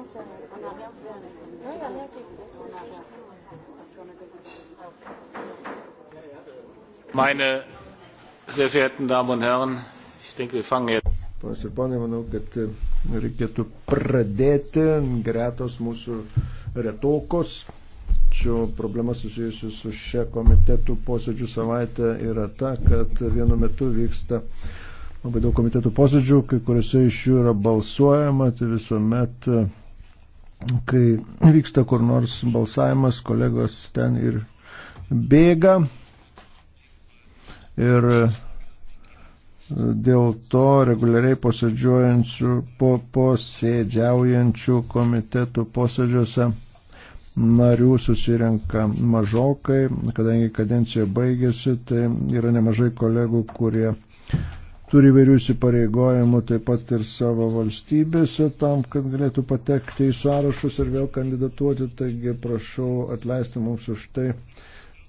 concerné. On n'a rien fait avec eux. Non, il n'y a rien qui est fait. On n'a rien. Parce qu'on a des Meine sehr verehrten Damen und Herren, ich denke, wir fangen jetzt. Ponas ir ponai, manau, kad e, reikėtų pradėti gretos mūsų retokos. Čia problema susijusi su šia komitetų posėdžių savaitė yra ta, kad vienu metu vyksta labai daug komitetų posėdžių, kai kuriuose iš jų yra balsuojama, tai visuomet e, kai vyksta kur nors balsavimas, kolegos ten ir bėga. Ir e, dėl to reguliariai posėdžiaujančių, po, posėdžiaujančių komitetų posėdžiuose narių susirenka mažokai, kadangi kadencija baigėsi, tai yra nemažai kolegų, kurie turi vairių įsipareigojimų taip pat ir savo valstybėse tam, kad galėtų patekti į sąrašus ir vėl kandidatuoti. Taigi prašau atleisti mums už tai,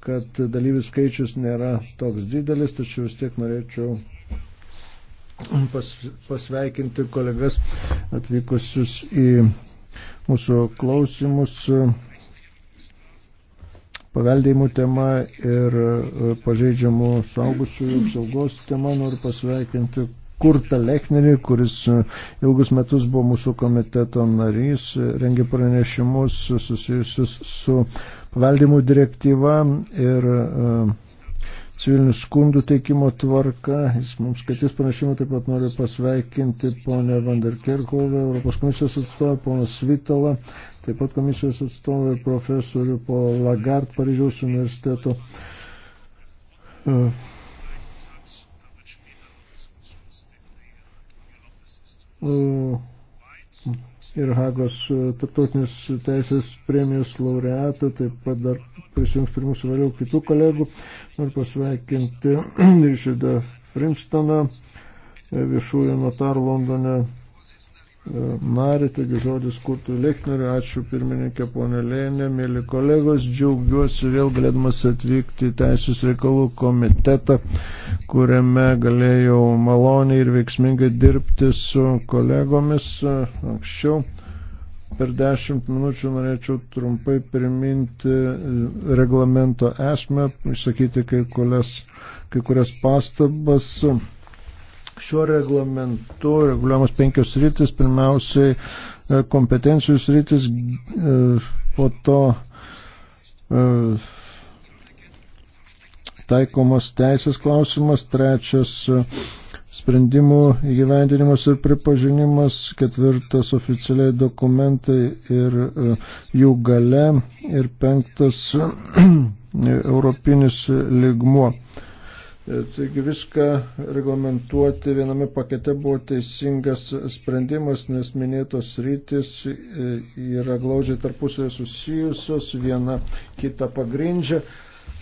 kad dalyvių skaičius nėra toks didelis, tačiau vis tiek norėčiau pas, pasveikinti kolegas atvykusius į mūsų klausimus paveldėjimų tema ir e, pažeidžiamų saugusiųjų apsaugos tema. Noriu pasveikinti Kurtą Lechnerį, kuris e, ilgus metus buvo mūsų komiteto narys, e, rengė pranešimus susijusius su paveldimų direktyva ir uh, civilinių skundų teikimo tvarka. Jis mums skaitys pranešimą, taip pat noriu pasveikinti ponę Vanderkerkovę, Europos komisijos atstovę, poną Svitalą, taip pat komisijos atstovę profesorių po Lagart Paryžiaus universiteto. Uh, uh, ir Hagos e, tarptautinės teisės premijos laureatą, taip pat dar prisijungs prie mūsų vėliau kitų kolegų. Noriu pasveikinti Ryšydą Frimstoną, e, viešųjų notarų Londone Mari, taigi žodis Kurtui Lechneriu, ačiū pirmininkė ponė Lėnė, mėly kolegos, džiaugiuosi vėl galėdamas atvykti į Teisės reikalų komitetą, kuriame galėjau maloniai ir veiksmingai dirbti su kolegomis anksčiau. Per dešimt minučių norėčiau trumpai priminti e, reglamento esmę, išsakyti kai kurias, kai kurias pastabas. Šiuo reglamentu reguliuojamos penkios rytis, pirmiausiai e, kompetencijų rytis, e, po to e, taikomas teisės klausimas, trečias sprendimų įgyvendinimas ir pripažinimas, ketvirtas oficialiai dokumentai ir jų gale ir penktas europinis ligmuo. E, taigi viską reglamentuoti viename pakete buvo teisingas sprendimas, nes minėtos rytis e, yra glaudžiai tarpusavė susijusios, viena kita pagrindžia.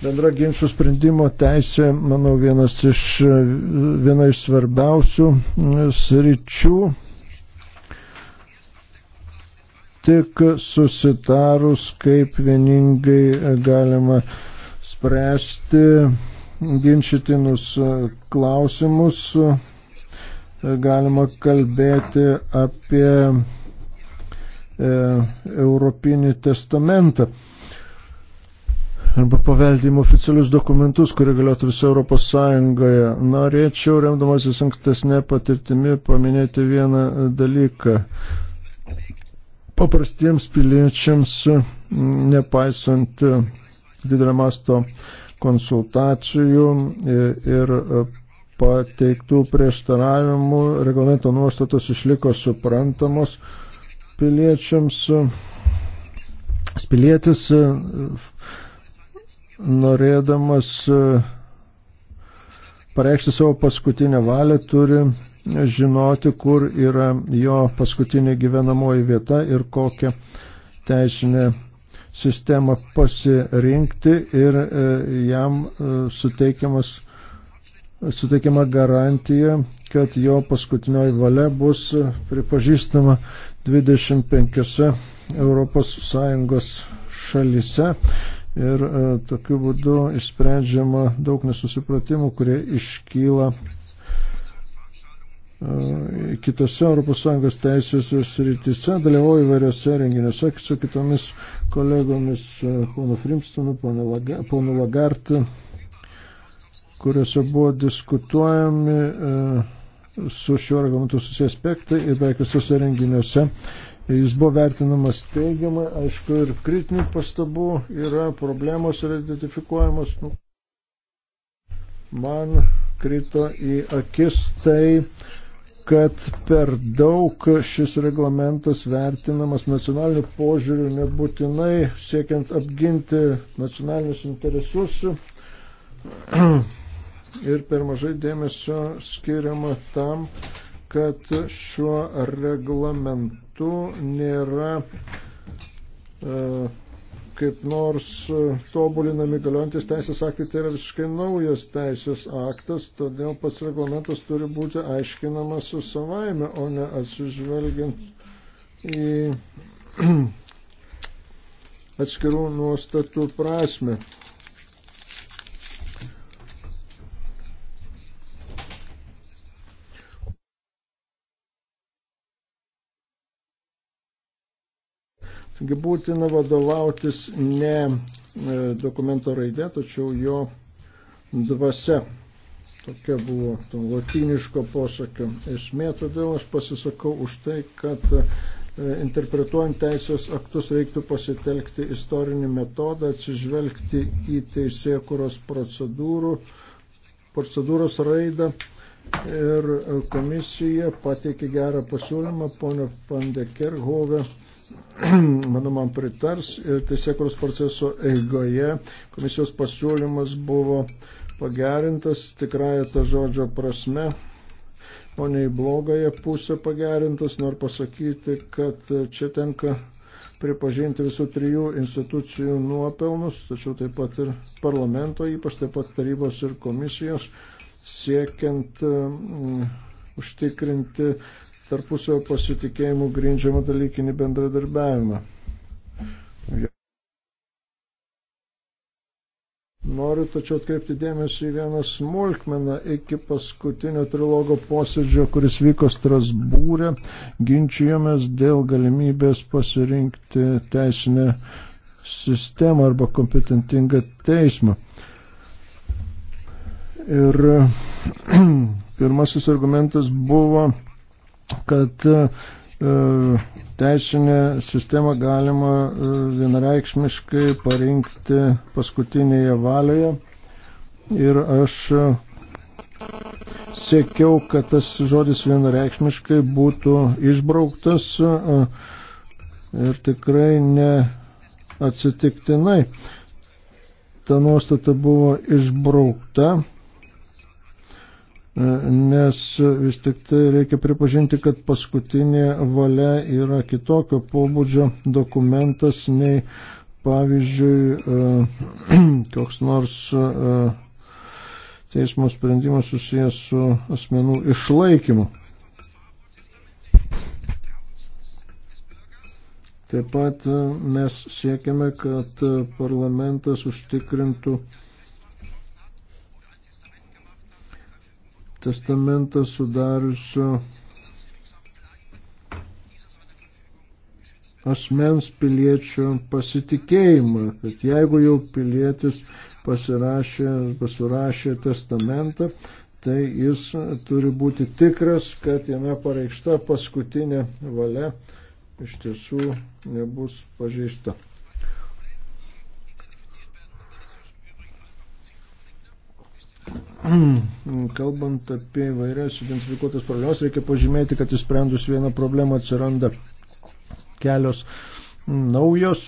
Bendra ginčių sprendimo teisė, manau, vienas iš, viena iš svarbiausių e, sričių. Tik susitarus, kaip vieningai galima spręsti ginčytinus e, klausimus. E, galima kalbėti apie e, Europinį testamentą arba paveldimo oficialius dokumentus, kurie galėtų visą Europos Sąjungoje. Norėčiau, remdamasis ankstesnė patirtimi, paminėti vieną dalyką. Paprastiems piliečiams, nepaisant didelio masto konsultacijų ir e, pateiktų prieštaravimų reglamento nuostatos išliko suprantamos piliečiams. Pilietis e, norėdamas e, pareikšti savo paskutinę valią turi žinoti, kur yra jo paskutinė gyvenamoji vieta ir kokią teisinę sistemą pasirinkti ir e, jam e, suteikiamas suteikiama garantija, kad jo paskutinioji valia bus pripažįstama 25 ES šalyse ir e, tokiu būdu išsprendžiama daug nesusipratimų, kurie iškyla E, kitose ES teisės srityse, dalyvauju įvairiose renginiuose su kitomis kolegomis, e, pono Frimstonu, pono Lagartu, kuriuose buvo diskutuojami e, su šiuo reglamentu susiję aspektai ir beveik visose renginiuose. Jis buvo vertinamas teigiamai, aišku, ir kritinių pastabų yra, problemos yra identifikuojamos. Nu, man krito į akis tai, kad per daug šis reglamentas vertinamas nacionaliniu požiūriu nebūtinai siekiant apginti nacionalinius interesus ir per mažai dėmesio skiriama tam, kad šiuo reglamentu nėra uh, kaip nors e, tobulinami galiojantis teisės aktai, tai yra visiškai naujas teisės aktas, todėl pats reglamentas turi būti aiškinamas su savaime, o ne atsižvelgiant į atskirų nuostatų prasme. Taigi būtina vadovautis ne e, dokumento raidė, tačiau jo dvasia. Tokia buvo to latiniško posakio esmė, todėl aš pasisakau už tai, kad e, interpretuojant teisės aktus reiktų pasitelkti istorinį metodą, atsižvelgti į teisėkuros procedūrų, procedūros raidą. Ir e, komisija pateikė gerą pasiūlymą, ponio Pandekerhove. Kerhove manau, man pritars ir teisėkuros proceso eigoje komisijos pasiūlymas buvo pagerintas tikrąją tą žodžio prasme, o ne į blogąją pusę pagerintas. Noriu pasakyti, kad čia tenka pripažinti visų trijų institucijų nuopelnus, tačiau taip pat ir parlamento, ypač taip pat tarybos ir komisijos, siekiant mm, užtikrinti tarpusio pasitikėjimų grindžiamą dalykinį bendradarbiavimą. Noriu tačiau atkreipti dėmesį į vieną smulkmeną iki paskutinio trilogo posėdžio, kuris vyko Strasbūrė, ginčijomės dėl galimybės pasirinkti teisinę sistemą arba kompetentingą teismą. Ir pirmasis argumentas buvo kad e, e, teisinę sistemą galima e, vienareikšmiškai parinkti paskutinėje valioje. Ir aš siekiau, kad tas žodis vienareikšmiškai būtų išbrauktas ir tikrai ne atsitiktinai. Ta nuostata buvo išbraukta E, nes vis tik tai reikia pripažinti, kad paskutinė valia yra kitokio pobūdžio dokumentas nei, pavyzdžiui, e, koks nors e, teismo sprendimas susijęs su asmenų išlaikymu. Taip pat mes siekiame, kad parlamentas užtikrintų uh, testamentą sudariusio asmens piliečio pasitikėjimą, kad jeigu jau pilietis pasirašė, pasirašė testamentą, tai jis turi būti tikras, kad jame pareikšta paskutinė valia iš tiesų nebus pažeista. Mm, kalbant apie vairias identifikuotas problemas, reikia pažymėti, kad įsprendus vieną problemą atsiranda kelios naujos.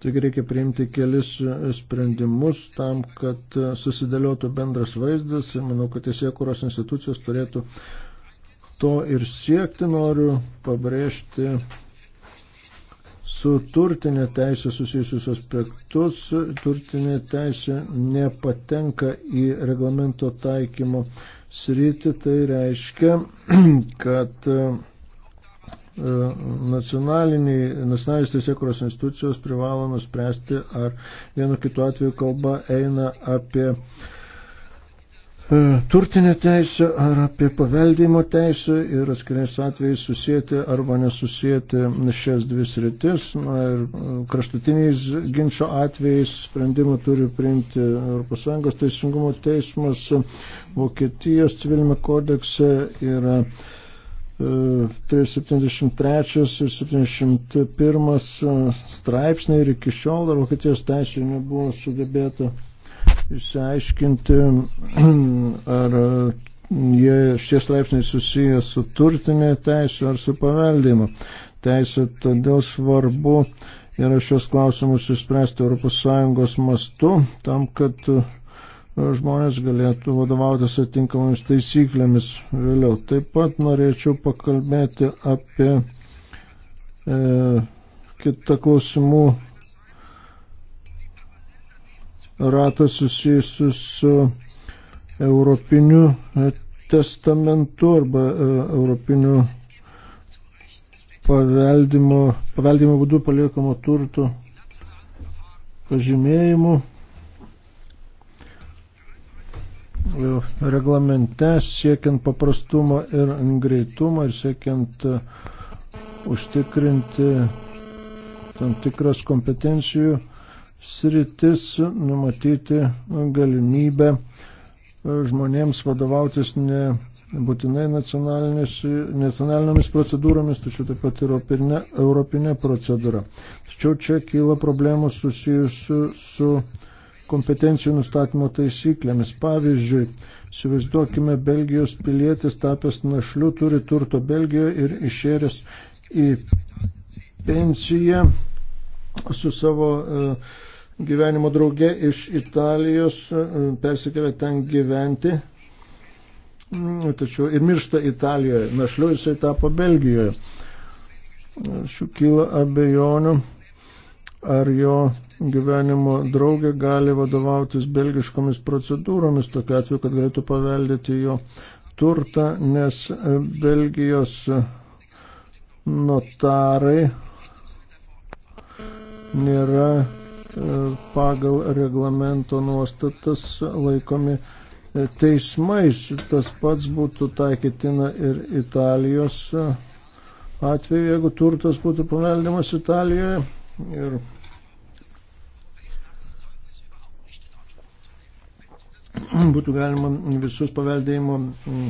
Taigi reikia priimti kelis sprendimus tam, kad susidėliotų bendras vaizdas ir manau, kad teisėkuros institucijos turėtų to ir siekti. Noriu pabrėžti su turtinė teisė susijusius aspektus. Turtinė teisė nepatenka į reglamento taikymo sritį, tai reiškia, kad e, nacionalinės teisėkuros institucijos privalo nuspręsti, ar vienu kitu atveju kalba eina apie uh, E, turtinę teisę ar apie paveldimo teisę ir atskiriais atvejais susijęti arba nesusijęti šias dvi sritis. Na, ir e, kraštutiniais ginčio atvejais sprendimą turi priimti ES teisingumo teismas. Vokietijos civilinė kodekse yra 73 e, ir 71 straipsniai ir iki šiol dar Vokietijos teisėje nebuvo sugebėta išsiaiškinti, ar uh, jie šie straipsniai susiję su turtinė teisė ar su paveldimo teisė. Todėl svarbu yra šios klausimus įspręsti ES mastu, tam, kad uh, žmonės galėtų vadovautis atinkamomis taisyklėmis vėliau. Taip pat norėčiau pakalbėti apie e, kitą klausimų ratą susijusiu su Europiniu e, testamentu arba e, Europiniu paveldimo, paveldimo būdu paliekamo turto pažymėjimu. Reglamente siekiant paprastumo ir greitumo ir siekiant e, užtikrinti tam tikras kompetencijų sritis numatyti galimybę e, žmonėms vadovautis ne būtinai nacionalinėmis procedūromis, tačiau taip pat ir europinė, europinė procedūra. Tačiau čia kyla problemų susijusių su kompetencijų nustatymo taisyklėmis. Pavyzdžiui, įsivaizduokime, Belgijos pilietis tapęs našliu turi turto Belgijoje ir išėręs į pensiją su savo uh, gyvenimo draugė iš Italijos e, persikėlė ten gyventi, mm, tačiau ir miršta Italijoje, našliu jisai tapo Belgijoje. Šių kyla abejonių, ar jo gyvenimo draugė gali vadovautis belgiškomis procedūromis, tokiu atveju, kad galėtų paveldėti jo turtą, nes e, Belgijos e, notarai nėra pagal reglamento nuostatas laikomi teismais. Tas pats būtų taikytina ir Italijos atveju, jeigu turtas būtų paveldimas Italijoje. Ir būtų galima visus paveldėjimo mm,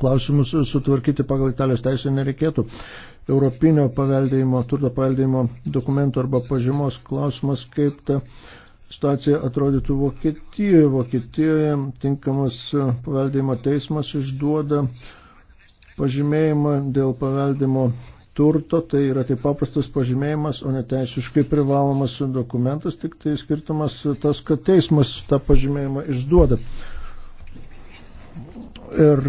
klausimus sutvarkyti pagal Italijos teisę nereikėtų europinio paveldėjimo, turto paveldėjimo dokumento arba pažymos klausimas, kaip ta situacija atrodytų Vokietijoje. Vokietijoje tinkamas paveldėjimo teismas išduoda pažymėjimą dėl paveldimo turto, tai yra taip paprastas pažymėjimas, o ne teisiškai privalomas dokumentas, tik tai skirtumas tas, kad teismas tą pažymėjimą išduoda. Ir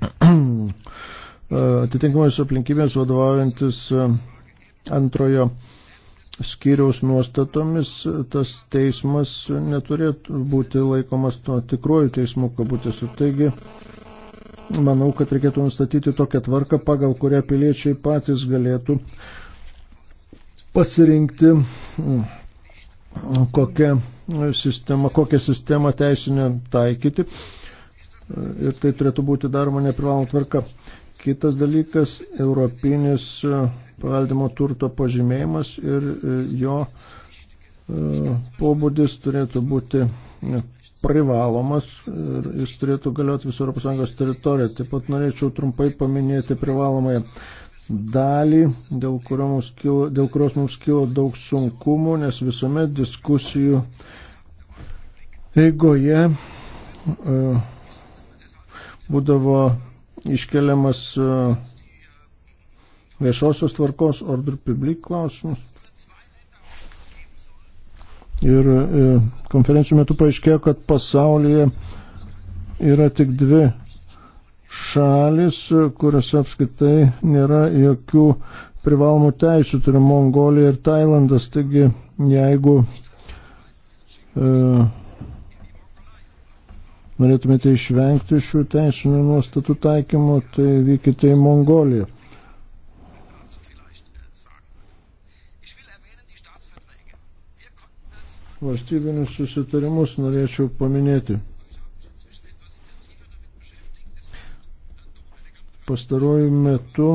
atitinkamomis aplinkybėms vadovaujantis e, antrojo skyriaus nuostatomis, tas teismas neturėtų būti laikomas to tikruoju teismu kabutėse. Taigi, manau, kad reikėtų nustatyti tokią tvarką, pagal kurią piliečiai patys galėtų pasirinkti, kokią sistemą, kokią sistemą teisinę taikyti. E, ir tai turėtų būti daroma neprivaloma tvarka. Kitas dalykas - europinis e, paveldimo turto pažymėjimas ir e, jo e, pobūdis turėtų būti privalomas ir jis turėtų galioti visų ES teritoriją. Taip pat norėčiau trumpai paminėti privalomąją dalį, dėl, kurio mums kilo, dėl kurios mums kilo daug sunkumų, nes visuomet diskusijų eigoje būdavo iškeliamas e, viešosios tvarkos order public klausimas. Ir e, konferencijų metu paaiškėjo, kad pasaulyje yra tik dvi šalis, kuriuose apskaitai nėra jokių privalomų teisų, tai yra Mongolija ir Tailandas. Taigi, jeigu e, norėtumėte išvengti šių teisinių nuostatų taikymo, tai vykite į Mongoliją. Valstybinius susitarimus norėčiau paminėti. Pastaruoju metu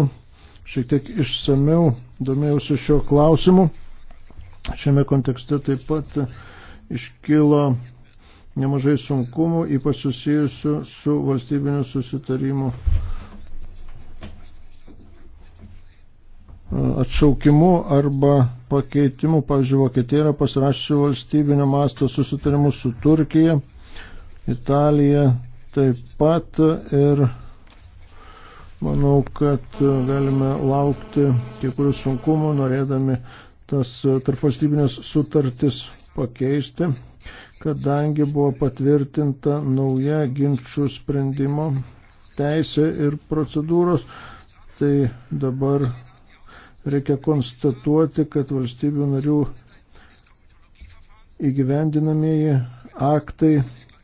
šiek tiek išsameu domėjausi šio klausimu. Šiame kontekste taip pat iškilo nemažai sunkumų, ypač susijusių su valstybiniu susitarimu atšaukimu arba pakeitimu. Pavyzdžiui, Vokietija yra pasirašusi valstybinio masto susitarimus su Turkija, Italija taip pat ir manau, kad galime laukti kiekvienų sunkumų, norėdami tas tarpvalstybinės sutartis pakeisti kadangi buvo patvirtinta nauja ginčių sprendimo teisė ir procedūros, tai dabar reikia konstatuoti, kad valstybių narių įgyvendinamieji aktai,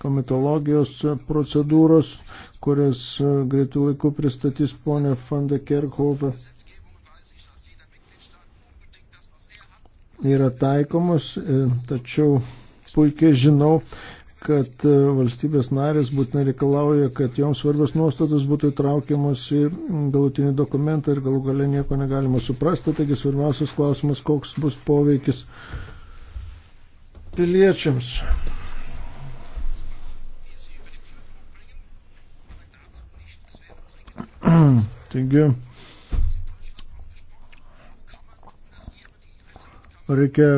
komitologijos procedūros, kurias greitų laikų pristatys ponė Fanda Kerkhove, yra taikomas, e, tačiau puikiai žinau, kad e, valstybės narės būtinai reikalauja, kad joms svarbios nuostatos būtų įtraukiamos į galutinį dokumentą ir galų gale nieko negalima suprasti. Taigi svarbiausias klausimas, koks bus poveikis piliečiams. Taigi, Reikia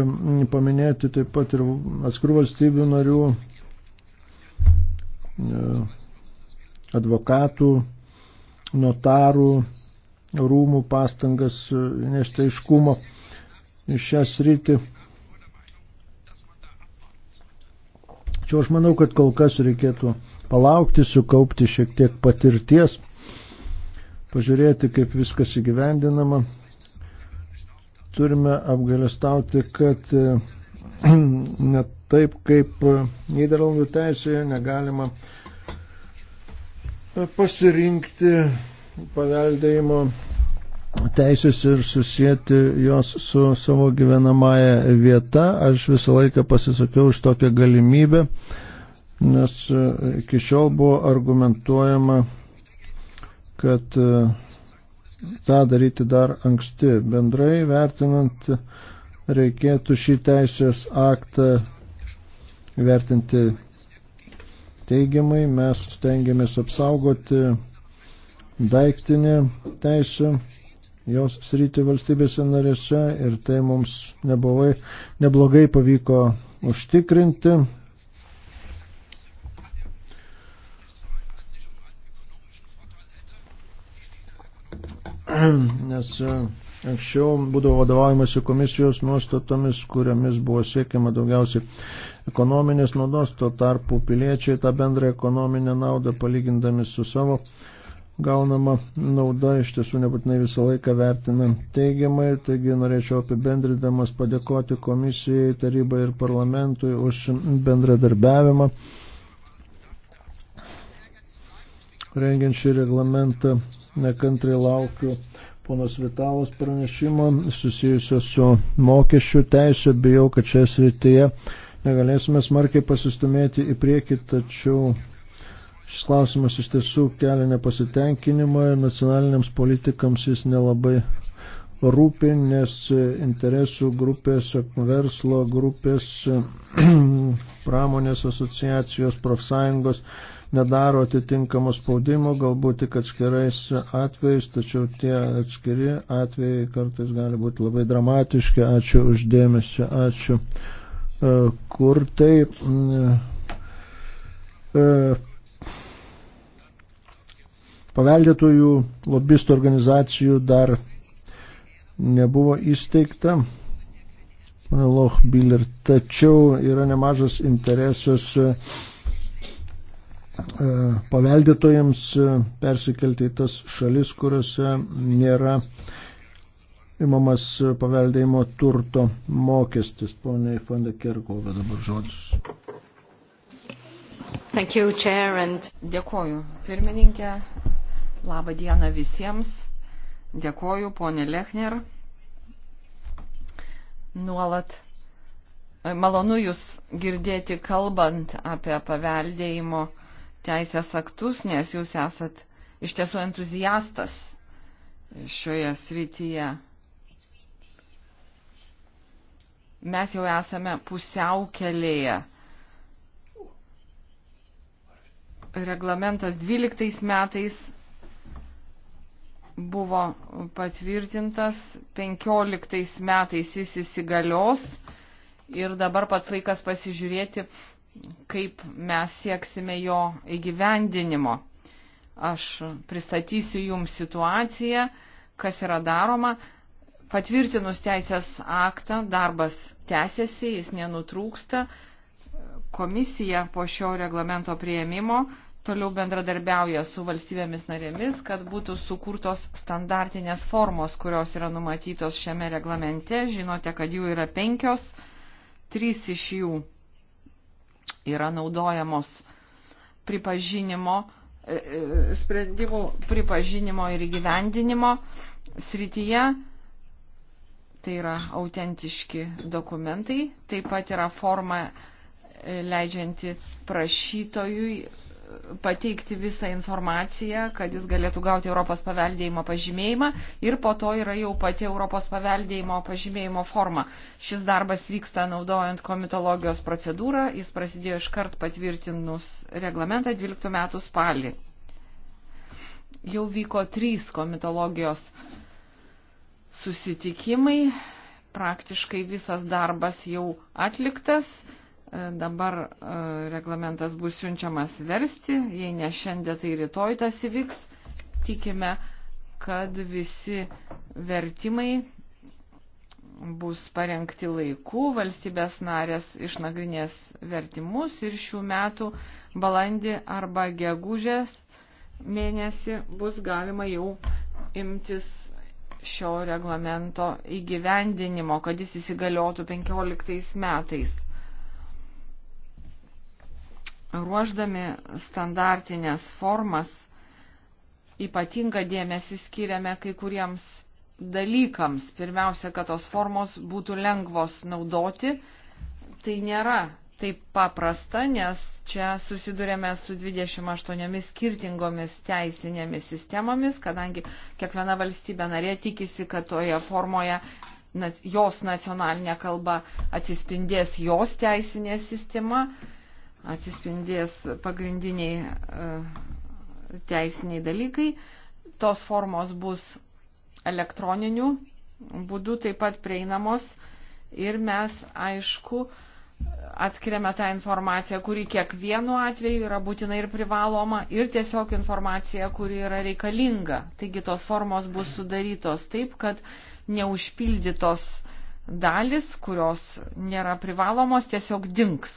paminėti taip pat ir atskirų valstybių narių e, advokatų, notarų, rūmų pastangas nešti aiškumo į šią sritį. Čia aš manau, kad kol kas reikėtų palaukti, sukaupti šiek tiek patirties, pažiūrėti, kaip viskas įgyvendinama, turime apgalestauti, kad e, net taip kaip e, Niderlandų teisėje negalima e, pasirinkti paveldėjimo teisės ir susijęti jos su savo gyvenamąją vietą. Aš visą laiką pasisakiau už tokią galimybę, nes iki šiol buvo argumentuojama, kad uh, tą daryti dar anksti. Bendrai vertinant, reikėtų šį teisės aktą vertinti teigiamai. Mes stengiamės apsaugoti daiktinį teisę jos sritį valstybėse narėse ir tai mums nebuvai, neblogai pavyko užtikrinti. nes e, anksčiau būdavo vadovaujamasi komisijos nuostatomis, kuriamis buvo siekiama daugiausiai ekonominės naudos, tuo tarpu piliečiai tą bendrą ekonominę naudą palygindami su savo gaunama nauda iš tiesų nebūtinai visą laiką vertina teigiamai, taigi norėčiau apibendridamas padėkoti komisijai, tarybai ir parlamentui už bendradarbiavimą. Rengiant šį reglamentą nekantrai laukiu ponos Vitalos pranešimo susijusio su mokesčių teisė. Bijau, kad čia srityje negalėsime smarkiai pasistumėti į priekį, tačiau šis klausimas iš tiesų kelia nepasitenkinimą ir nacionaliniams politikams jis nelabai rūpi, nes interesų grupės, verslo grupės, pramonės asociacijos, profsąjungos nedaro atitinkamo spaudimo, galbūt tik atskirais atvejais, tačiau tie atskiri atvejai kartais gali būti labai dramatiški. Ačiū uždėmesi, ačiū. E, Kur tai? E, Paveldėtųjų lobistų organizacijų dar nebuvo įsteigta. Lochbiller, tačiau yra nemažas interesas uh, E, paveldėtojams e, persikelti į tas šalis, kuriuose nėra imamas paveldėjimo turto mokestis. Pone Fanda Kerkova dabar žodis. Thank you, Chair, and... Dėkoju, pirmininkė. Labą dieną visiems. Dėkoju, ponė Lechner. Nuolat e, malonu Jūs girdėti kalbant apie paveldėjimo uh, teisės aktus, nes jūs esat iš tiesų entuziastas šioje srityje. Mes jau esame pusiaukelėje. Reglamentas 12 metais buvo patvirtintas, 15 metais jis įsigalios ir dabar pats laikas pasižiūrėti, kaip mes sieksime jo įgyvendinimo. Aš pristatysiu jums situaciją, kas yra daroma. Patvirtinus teisės aktą, darbas tęsiasi, jis nenutrūksta. Komisija po šio reglamento prieimimo toliau bendradarbiauja su valstybėmis narėmis, kad būtų sukurtos standartinės formos, kurios yra numatytos šiame reglamente. Žinote, kad jų yra penkios, trys iš jų yra naudojamos pripažinimo, e, e, sprendimų pripažinimo ir įgyvendinimo srityje. Tai yra autentiški dokumentai, taip pat yra forma e, leidžianti prašytojui pateikti visą informaciją, kad jis galėtų gauti Europos paveldėjimo pažymėjimą ir po to yra jau pati Europos paveldėjimo pažymėjimo forma. Šis darbas vyksta naudojant komitologijos procedūrą, jis prasidėjo iškart patvirtinus reglamentą 12 metų spalį. Jau vyko trys komitologijos susitikimai, praktiškai visas darbas jau atliktas E, dabar e, reglamentas bus siunčiamas versti, jei ne šiandien, tai rytoj tas įvyks. Tikime, kad visi vertimai bus parengti laiku, valstybės narės išnagrinės vertimus ir šių metų balandį arba gegužės mėnesį bus galima jau imtis šio reglamento įgyvendinimo, kad jis įsigaliotų 15 metais ruoždami standartinės formas ypatingą dėmesį skiriame kai kuriems dalykams. Pirmiausia, kad tos formos būtų lengvos naudoti. Tai nėra taip paprasta, nes čia susidurėme su 28 skirtingomis teisinėmis sistemomis, kadangi kiekviena valstybė narė tikisi, kad toje formoje jos nacionalinė kalba atsispindės jos teisinė sistema atsispindės pagrindiniai e, teisiniai dalykai. Tos formos bus elektroniniu būdu taip pat prieinamos ir mes, aišku, atskiriame tą informaciją, kuri kiekvienu atveju yra būtina ir privaloma, ir tiesiog informacija, kuri yra reikalinga. Taigi tos formos bus sudarytos taip, kad neužpildytos dalis, kurios nėra privalomos, tiesiog dinks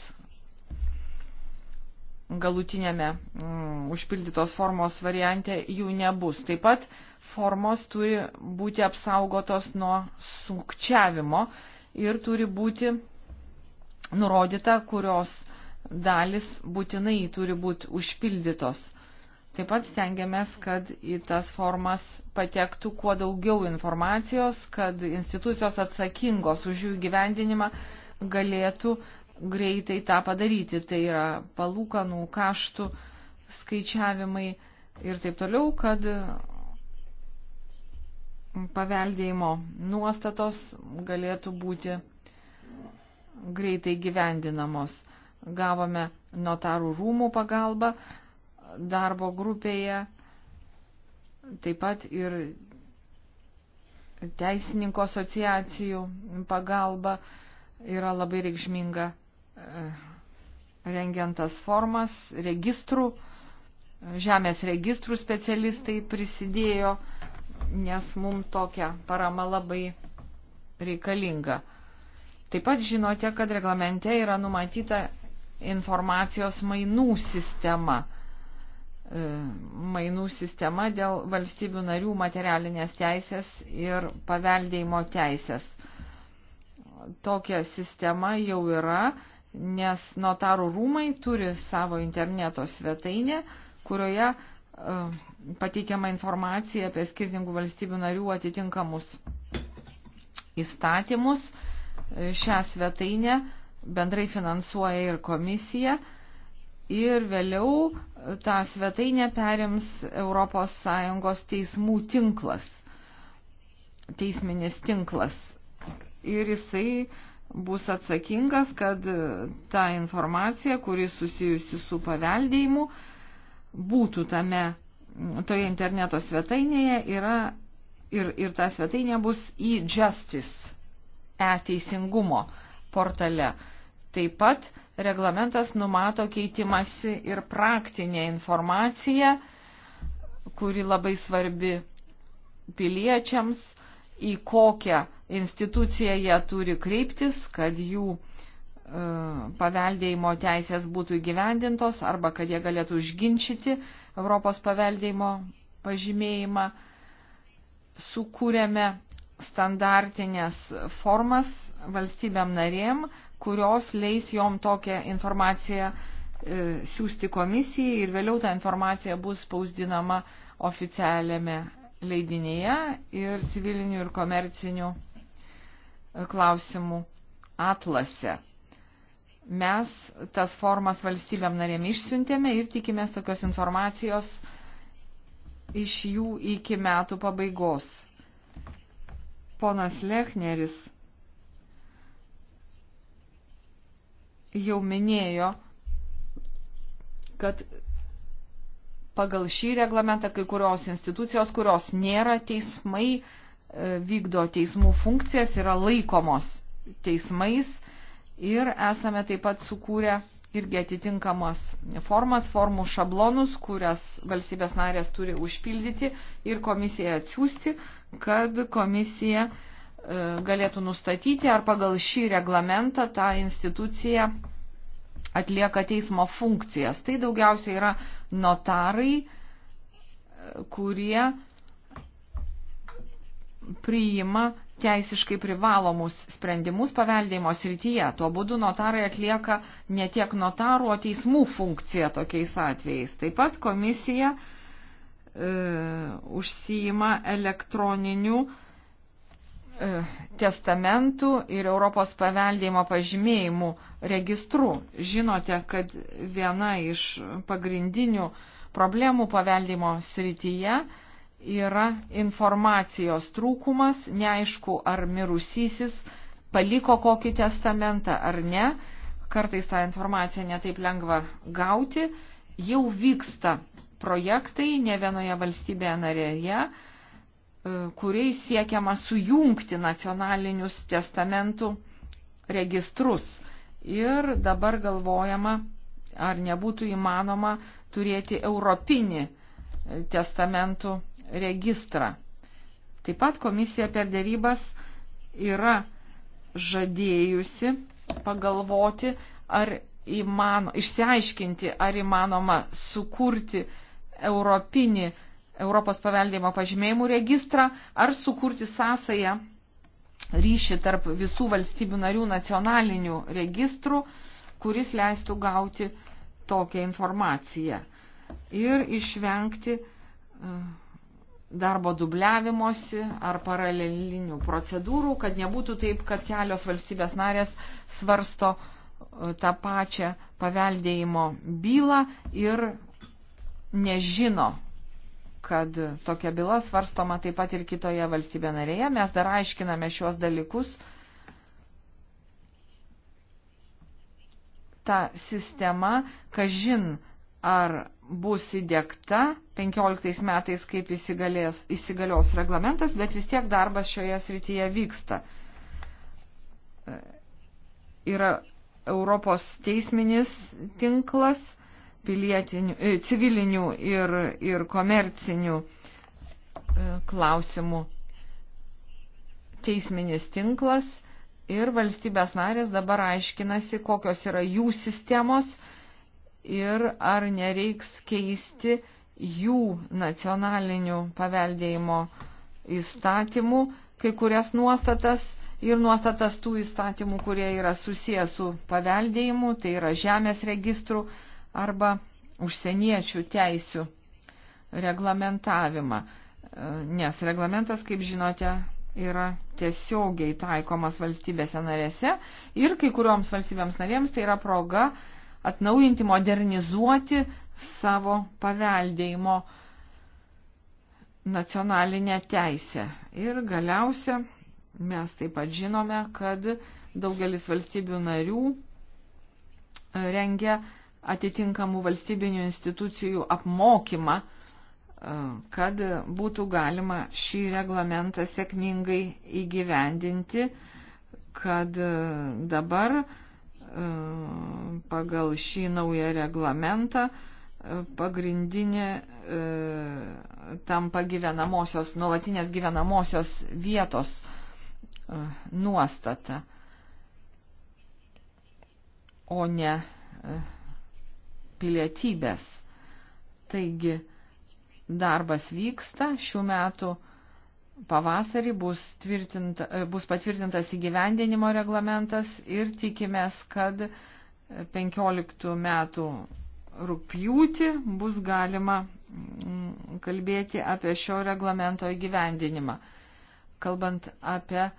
galutinėme mm, užpildytos formos variante jų nebus. Taip pat formos turi būti apsaugotos nuo sukčiavimo ir turi būti nurodyta, kurios dalis būtinai turi būti užpildytos. Taip pat stengiamės, kad į tas formas patektų kuo daugiau informacijos, kad institucijos atsakingos už jų gyvendinimą galėtų greitai tą padaryti. Tai yra palūkanų, kaštų skaičiavimai ir taip toliau, kad paveldėjimo nuostatos galėtų būti greitai gyvendinamos. Gavome notarų rūmų pagalbą darbo grupėje, taip pat ir teisininko asociacijų pagalba yra labai reikšminga E, rengiantas formas, registrų, e, žemės registrų specialistai prisidėjo, nes mums tokia parama labai reikalinga. Taip pat žinote, kad reglamente yra numatyta informacijos mainų sistema. E, mainų sistema dėl valstybių narių materialinės teisės ir paveldėjimo teisės. Tokia sistema jau yra nes notarų rūmai turi savo interneto svetainę, kurioje e, pateikiama informacija apie skirtingų valstybių narių atitinkamus įstatymus. E, šią svetainę bendrai finansuoja ir komisija. Ir vėliau e, tą svetainę perims ES teismų tinklas, teisminis tinklas. Ir jisai uh, bus atsakingas, kad e, ta informacija, kuri susijusi su paveldėjimu, būtų tame, toje interneto svetainėje yra, ir, ir ta svetainė bus e-justice, e-teisingumo portale. Taip pat reglamentas numato keitimasi ir praktinė informacija, kuri labai svarbi piliečiams, į kokią instituciją jie turi kreiptis, kad jų e, paveldėjimo teisės būtų įgyvendintos arba kad jie galėtų užginčyti Europos paveldėjimo pažymėjimą. Sukūrėme standartinės formas valstybėm narėm, kurios leis jom tokią informaciją e, siūsti komisijai ir vėliau ta informacija bus spausdinama oficialiame leidinyje ir civilinių ir komercinių klausimų atlase. Mes tas formas valstybėm narėm išsiuntėme ir tikimės tokios informacijos iš jų iki metų pabaigos. Ponas Lechneris jau minėjo, kad pagal šį reglamentą kai kurios institucijos, kurios nėra teismai, vykdo teismų funkcijas, yra laikomos teismais ir esame taip pat sukūrę irgi atitinkamas formas, formų šablonus, kurias valstybės narės turi užpildyti ir komisija atsiųsti, kad komisija e, galėtų nustatyti, ar pagal šį reglamentą ta institucija atlieka teismo funkcijas. Tai daugiausia yra notarai, e, kurie priima teisiškai privalomus sprendimus paveldėjimo srityje. Tuo būdu notarai atlieka ne tiek notarų, o teismų funkciją tokiais atvejais. Taip pat komisija e, užsijima elektroninių e, testamentų ir Europos paveldėjimo pažymėjimų registru. Žinote, kad viena iš pagrindinių problemų paveldėjimo srityje e, yra informacijos trūkumas, neaišku, ar mirusysis paliko kokį testamentą ar ne, kartais tą informaciją netaip lengva gauti, jau vyksta projektai ne vienoje valstybėje narėje, e, kuriais siekiama sujungti nacionalinius testamentų registrus. Ir dabar galvojama, ar nebūtų įmanoma turėti europinį testamentų registrą registrą. Taip pat komisija per dėrybas yra žadėjusi pagalvoti, ar įmano, išsiaiškinti, ar įmanoma sukurti europinį Europos paveldėjimo pažymėjimų registrą, ar sukurti sąsają ryšį tarp visų valstybių narių nacionalinių registrų, kuris leistų gauti tokią informaciją ir išvengti uh, darbo dubliavimosi ar paralelinių procedūrų, kad nebūtų taip, kad kelios valstybės narės svarsto e, tą pačią paveldėjimo bylą ir nežino, kad tokia byla svarstoma taip pat ir kitoje valstybė narėje. Mes dar aiškiname šios dalykus. Ta sistema, kažin, ar bus įdėkta 15 metais, kaip įsigalės, įsigalios reglamentas, bet vis tiek darbas šioje srityje vyksta. Yra Europos teisminis tinklas e, civilinių ir, ir komercinių e, klausimų teisminis tinklas ir valstybės narės dabar aiškinasi, kokios yra jų sistemos, ir ar nereiks keisti jų nacionalinių paveldėjimo įstatymų, kai kurias nuostatas ir nuostatas tų įstatymų, kurie yra susijęs su paveldėjimu, tai yra žemės registrų arba užsieniečių teisių reglamentavimą. Nes reglamentas, kaip žinote, yra tiesiogiai taikomas valstybėse narėse ir kai kurioms valstybėms narėms tai yra proga atnaujinti, modernizuoti savo paveldėjimo nacionalinę teisę. Ir galiausia, mes taip pat žinome, kad daugelis valstybių narių rengia atitinkamų valstybinių institucijų apmokymą, e, kad būtų galima šį reglamentą sėkmingai įgyvendinti, kad dabar uh, Ehm, pagal šį naują reglamentą e, pagrindinė e, tampa gyvenamosios, nuolatinės gyvenamosios vietos e, nuostata, o ne pilietybės. Taigi darbas vyksta šių metų pavasarį bus, tvirtinta, e, bus patvirtintas įgyvendinimo reglamentas ir tikimės, kad 15 metų rūpjūti bus galima mm, kalbėti apie šio reglamento įgyvendinimą. Kalbant apie e,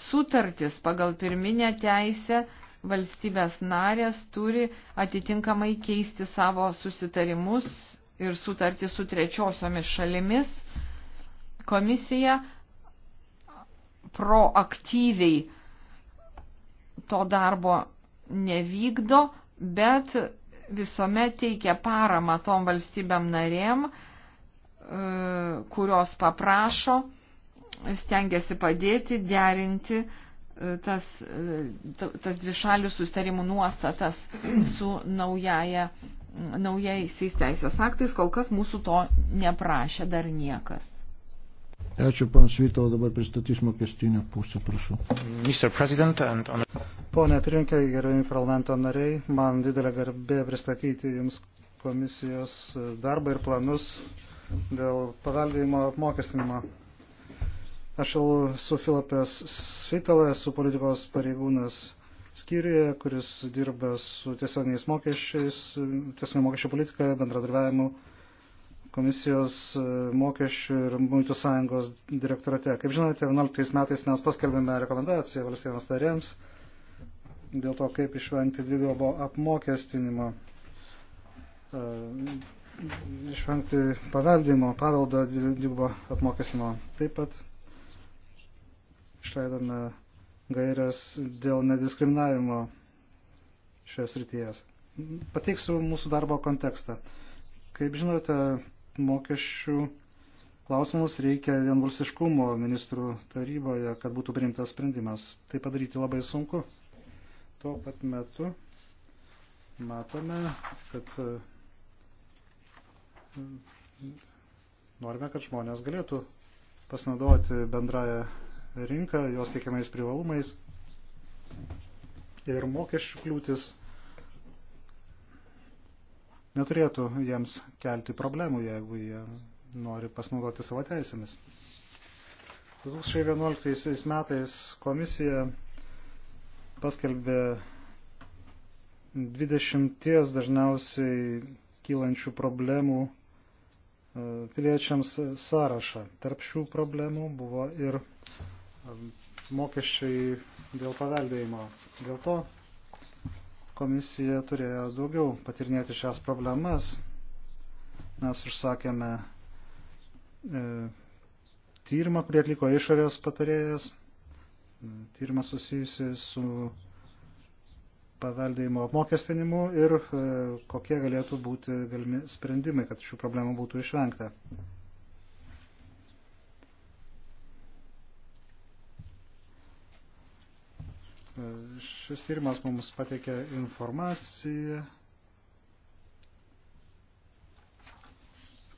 sutartis pagal pirminę teisę, valstybės narės turi atitinkamai keisti savo susitarimus ir sutartį su trečiosiomis šalimis, Komisija proaktyviai to darbo nevykdo, bet visuomet teikia paramą tom valstybėm narėm, e, kurios paprašo, stengiasi padėti, derinti e, tas, e, tas dvišalių sustarimų nuostatas su naujaja, naujaisiais teisės aktais. Kol kas mūsų to neprašė dar niekas. Ačiū, panas Vytau, dabar pristatys mokestinę pusę, prašau. Mr. President and... Pone pirmininkai, gerbėjami parlamento nariai, man didelė garbė pristatyti Jums komisijos darbą ir planus dėl paveldėjimo apmokestinimo. Aš jau su Filipės Svitelė, su politikos pareigūnas skyriuje, kuris dirba su tiesioginiais mokesčiais, tiesioginių mokesčių politika, bendradarbiavimu komisijos e, mokesčių ir mūtų sąjungos direktorate. Kaip žinote, 11 metais mes paskelbėme rekomendaciją valstybėms narėms dėl to, kaip išvengti dvigubo apmokestinimo, e, išvengti paveldimo, paveldo dvigubo apmokestinimo. Taip pat išleidome gairias dėl nediskriminavimo šios ryties. Pateiksiu mūsų darbo kontekstą. Kaip žinote, mokesčių klausimus reikia vienbalsiškumo ministrų taryboje, kad būtų priimtas sprendimas. Tai padaryti labai sunku. Tuo pat metu matome, kad e, norime, kad žmonės galėtų pasinaudoti bendrąją rinką, jos teikiamais privalumais ir mokesčių kliūtis neturėtų jiems kelti problemų, jeigu jie nori pasinaudoti savo teisėmis. 2011 metais komisija paskelbė 20 dažniausiai kylančių problemų e, piliečiams sąrašą. Tarp šių problemų buvo ir e, mokesčiai dėl paveldėjimo. Dėl to komisija turėjo daugiau patirnėti šias problemas. Mes užsakėme e, tyrimą, kurį atliko išorės patarėjas. Tyrimą susijusi su paveldėjimo apmokestinimu ir e, kokie galėtų būti galimi sprendimai, kad šių problemų būtų išvengta. Šis tyrimas mums pateikė informaciją,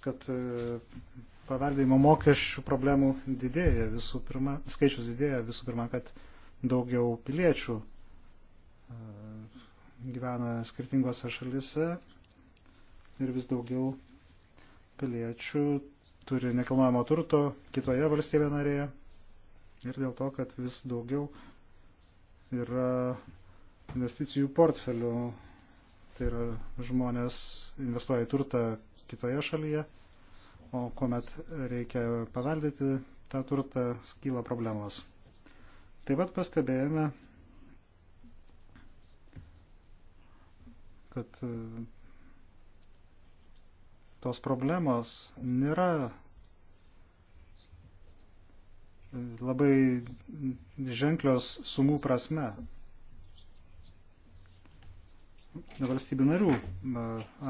kad e, paveldėjimo mokesčių problemų didėja visų pirma, skaičius didėja visų pirma, kad daugiau piliečių e, gyvena skirtingose šalise ir vis daugiau piliečių turi nekilnojamo turto kitoje valstybėje narėje ir dėl to, kad vis daugiau yra investicijų portfelių. Tai yra žmonės investuoja į turtą kitoje šalyje, o kuomet reikia paveldėti tą turtą, kyla problemos. Taip pat pastebėjome, kad e, tos problemos nėra labai ženklios sumų prasme valstybių narių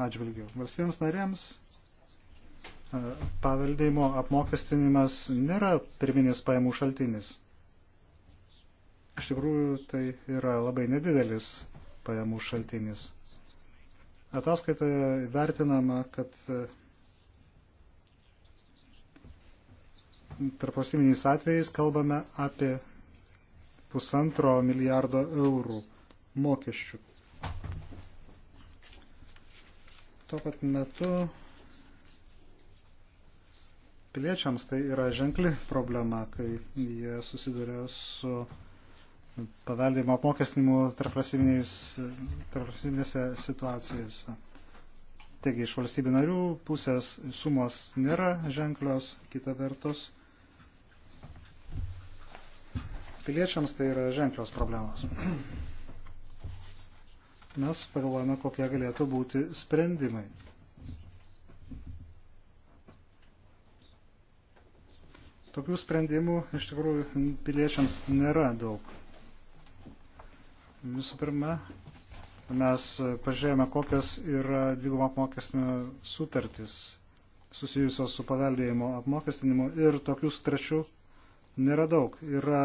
atžvilgių. Valstybėms narėms paveldėjimo apmokestinimas nėra pirminis pajamų šaltinis. Iš tikrųjų, tai yra labai nedidelis pajamų šaltinis. Ataskaitoje vertinama, kad tarpvalstybiniais atvejais kalbame apie pusantro milijardo eurų mokesčių. Tuo pat metu piliečiams tai yra ženkli problema, kai jie susiduria su paveldėjimo apmokestinimu tarpvalstybinėse situacijose. Taigi iš valstybių narių pusės sumos nėra ženklios, kita vertus piliečiams tai yra ženklios problemos. Mes pagalvojame, kokie galėtų būti sprendimai. Tokių sprendimų iš tikrųjų piliečiams nėra daug. Visų pirma, mes pažiūrėjome, kokios yra dvigubo apmokestinio sutartys susijusios su paveldėjimo apmokestinimu ir tokių sutarčių nėra daug. Yra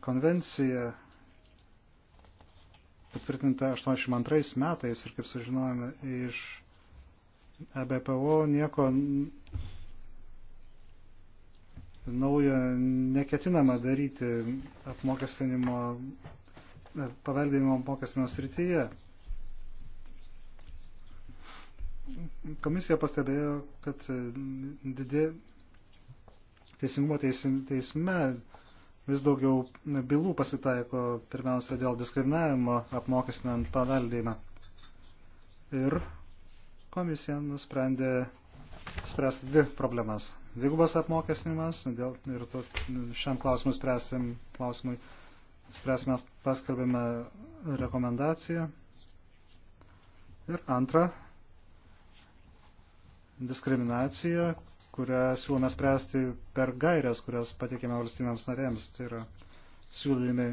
konvencija patvirtinta 82 metais ir kaip sužinojame iš EBPO nieko naujo neketinama daryti apmokestinimo paveldėjimo apmokestinimo srityje. Komisija pastebėjo, kad didė teisingumo teisme vis daugiau bylų pasitaiko pirmiausia dėl diskriminavimo apmokestinant paveldėjimą. Ir komisija nusprendė spręsti dvi problemas. Dvigubas apmokestinimas dėl, ir to, šiam klausimui spręsim, klausimui spręsime paskelbėme rekomendaciją. Ir antra, diskriminacija, kurią siūlome spręsti per gairias, kurias patikėme valstybėms narėms. Tai yra siūlymi,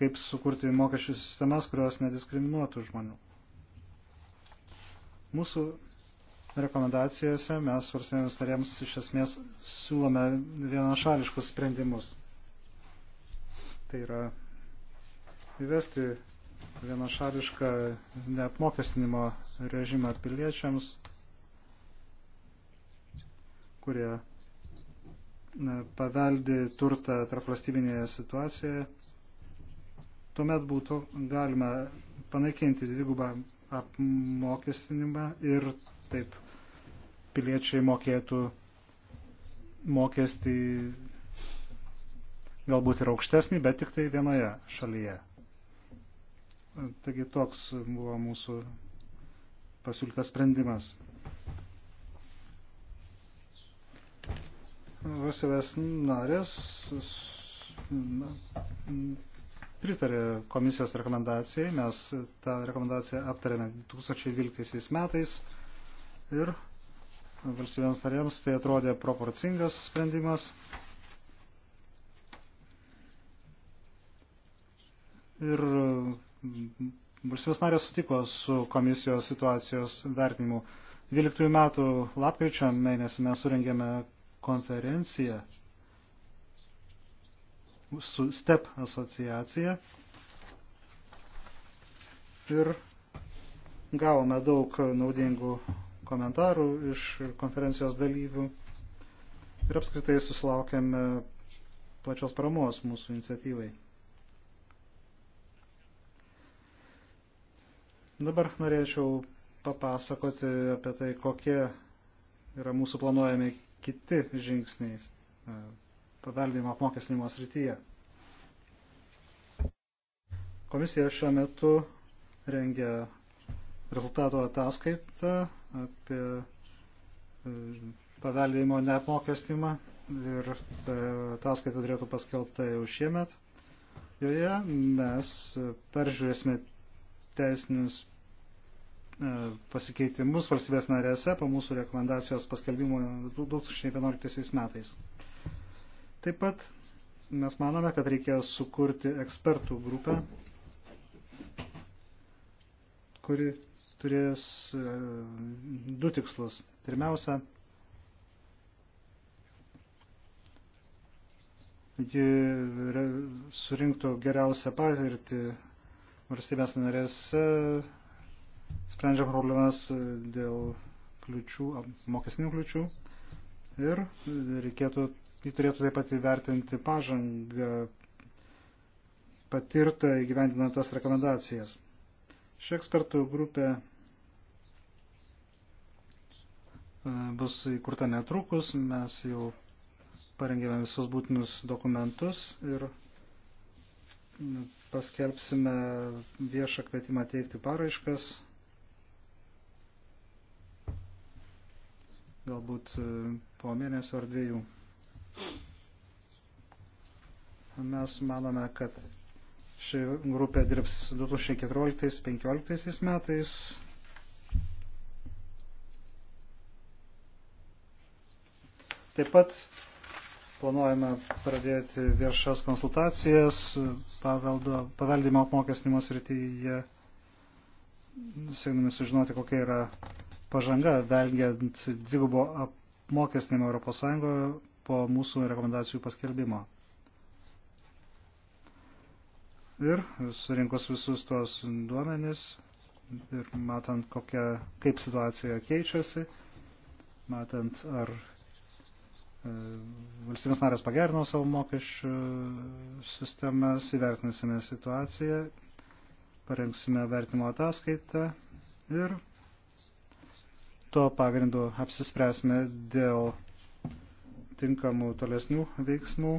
kaip sukurti mokesčių sistemas, kurios nediskriminuotų žmonių. Mūsų rekomendacijose mes valstybėms narėms iš esmės siūlome vienašališkus sprendimus. Tai yra įvesti vienašališką neapmokestinimo režimą piliečiams kurie paveldi turtą tarpvalstybinėje situacijoje, tuomet būtų galima panaikinti dvigubą apmokestinimą ir taip piliečiai mokėtų mokestį galbūt ir aukštesnį, bet tik tai vienoje šalyje. Taigi toks buvo mūsų pasiūlytas sprendimas. Vasivės narės na, pritarė komisijos rekomendacijai. Mes tą rekomendaciją aptarėme 2012 metais ir valstybėms narėms tai atrodė proporcingas sprendimas. Ir valstybės narės sutiko su komisijos situacijos vertinimu. 12 metų lapkričio mėnesį mes surengėme konferenciją su STEP asociacija ir gavome daug naudingų komentarų iš konferencijos dalyvių ir apskritai susilaukėme plačios paramos mūsų iniciatyvai. Dabar norėčiau papasakoti apie tai, kokie yra mūsų planuojami kiti žingsniai e, paveldimo apmokestinimo srityje. Komisija šiuo metu rengia rezultato ataskaitą apie e, paveldimo neapmokestinimą ir e, ataskaita turėtų paskelbta jau šiemet. Joje mes peržiūrėsime teisinius E, pasikeitimus valstybės narėse po mūsų rekomendacijos paskelbimo 2011 metais. Taip pat mes manome, kad reikėjo sukurti ekspertų grupę, kuri turės e, du tikslus. Pirmiausia, ji surinktų geriausią patirtį valstybės narėse sprendžiam problemas e, dėl kliučių, mokesnių kliučių ir reikėtų, jį turėtų taip pat įvertinti pažangą patirtą įgyvendinant tas rekomendacijas. Ši ekspertų grupė e, bus įkurta netrukus, mes jau parengėme visus būtinus dokumentus ir paskelbsime viešą kvietimą teikti paraiškas galbūt e, po mėnesio ar dviejų. Mes manome, kad ši grupė dirbs 2014-2015 metais. Taip pat planuojame pradėti viešas konsultacijas paveldo, paveldimo apmokestinimo srityje, siekdami sužinoti, kokia yra pažanga vengiant dvigubo apmokestinimo ES po mūsų rekomendacijų paskelbimo. Ir surinkus visus tuos duomenis ir matant, kokia, kaip situacija keičiasi, matant, ar e, valstybės narės pagerino savo mokesčių sistemas, įvertinsime situaciją, parengsime vertimo ataskaitą ir Tuo pagrindu apsispręsime dėl tinkamų tolesnių veiksmų.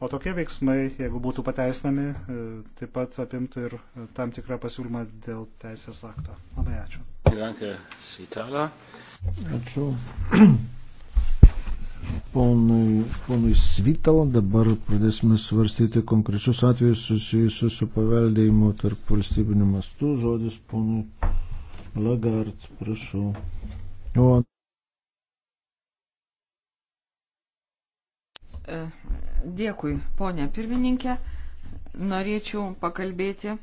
O tokie veiksmai, jeigu būtų pateisinami, e, taip pat apimtų ir tam tikrą pasiūlymą dėl teisės akto. Labai ačiū. Ačiū. Ponui, ponui Svitalą dabar pradėsime svarstyti konkrečius atvejus susijusius su paveldėjimu tarp valstybinių mastų. Žodis ponui Lagard, prašau. O... E, dėkui, ponė pirmininkė. Norėčiau pakalbėti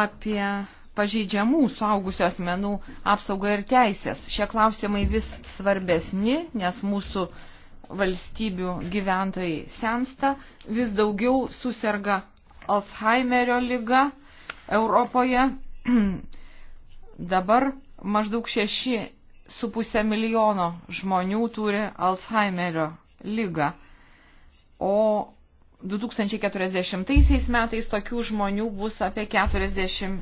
apie pažeidžiamų suaugusių asmenų apsaugą ir teisės. Šie klausimai vis svarbesni, nes mūsų valstybių gyventojai sensta, vis daugiau susirga Alzheimerio lyga Europoje. Dabar maždaug 6,5 milijono žmonių turi Alzheimerio lygą, o 2040 metais tokių žmonių bus apie 40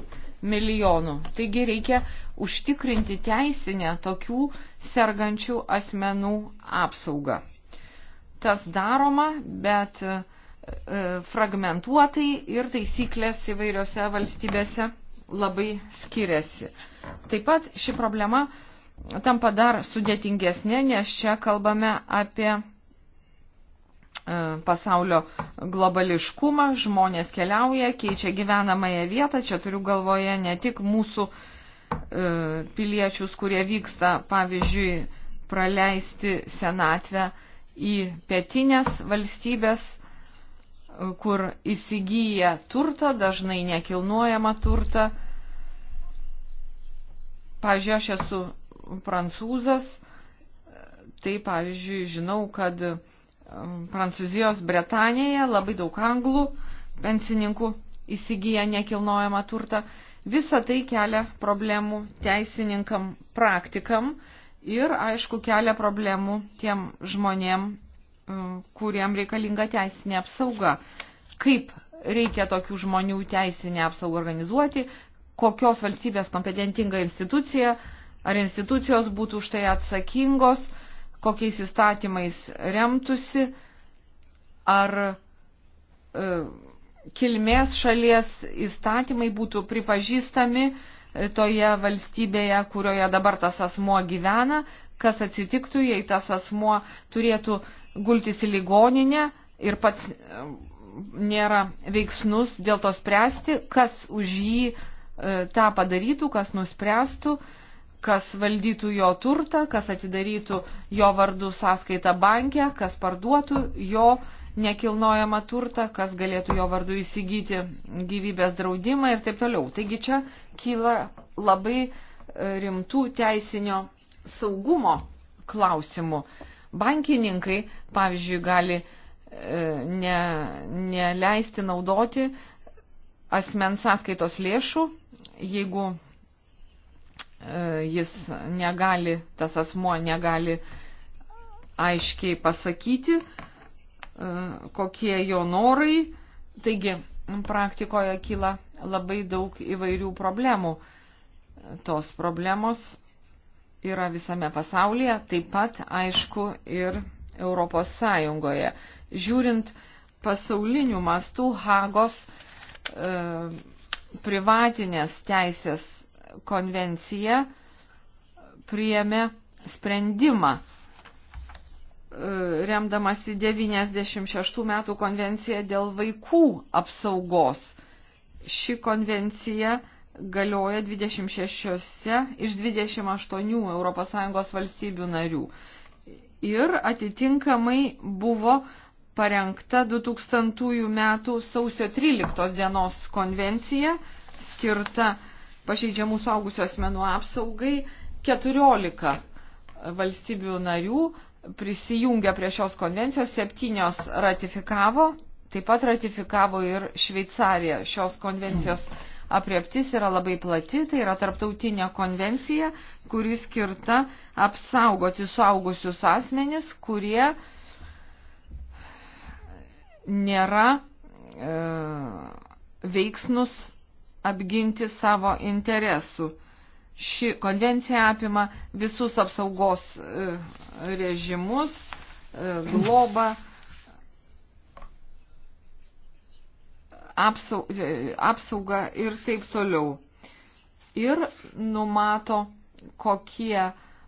milijonų. Taigi reikia užtikrinti teisinę tokių sergančių asmenų apsaugą. Tas daroma, bet e, e, fragmentuotai ir taisyklės įvairiose valstybėse labai skiriasi. Taip pat ši problema tampa dar sudėtingesnė, nes čia kalbame apie e, pasaulio globališkumą, žmonės keliauja, keičia gyvenamąją vietą, čia turiu galvoje ne tik mūsų e, piliečius, kurie vyksta, pavyzdžiui, praleisti senatvę į pietinės valstybės kur įsigyja turtą, dažnai nekilnojama turtą. Pavyzdžiui, aš esu prancūzas, tai pavyzdžiui, žinau, kad um, Prancūzijos Bretanėje labai daug anglų pensininkų įsigyja nekilnojamą turtą. Visa tai kelia problemų teisininkam, praktikam ir, aišku, kelia problemų tiem žmonėm, kuriam reikalinga teisinė apsauga. Kaip reikia tokių žmonių teisinę apsaugą organizuoti, kokios valstybės kompetentinga institucija ar institucijos būtų už tai atsakingos, kokiais įstatymais remtusi, ar e, kilmės šalies įstatymai būtų pripažįstami e, toje valstybėje, kurioje dabar tas asmuo gyvena, kas atsitiktų, jei tas asmuo turėtų gultis į ligoninę ir pats e, nėra veiksnus dėl to spręsti, kas už jį e, tą padarytų, kas nuspręstų, kas valdytų jo turtą, kas atidarytų jo vardų sąskaitą bankę, kas parduotų jo nekilnojamą turtą, kas galėtų jo vardu įsigyti gyvybės draudimą ir taip toliau. Taigi čia kyla labai e, rimtų teisinio saugumo klausimų. Bankininkai, pavyzdžiui, gali e, ne, neleisti naudoti asmens sąskaitos lėšų, jeigu e, jis negali, tas asmuo negali aiškiai pasakyti, e, kokie jo norai. Taigi, praktikoje kyla labai daug įvairių problemų. Tos problemos yra visame pasaulyje, taip pat, aišku, ir Europos Sąjungoje. Žiūrint pasaulinių mastų Hagos e, privatinės teisės konvencija priėmė sprendimą e, remdamasi 96 metų konvencija dėl vaikų apsaugos. Ši konvencija e, galioja 26 iš 28 ES valstybių narių. Ir atitinkamai buvo parengta 2000 metų sausio 13 dienos konvencija skirta pažeidžiamų suaugusių asmenų apsaugai. 14 valstybių narių prisijungia prie šios konvencijos, 7 ratifikavo, taip pat ratifikavo ir Šveicarija šios konvencijos. Mm apriektis yra labai plati, tai yra tarptautinė konvencija, kuri skirta apsaugoti suaugusius asmenis, kurie nėra e, veiksnus apginti savo interesų. Ši konvencija apima visus apsaugos e, režimus, e, globą, E, apsaugą ir taip toliau. Ir numato, kokie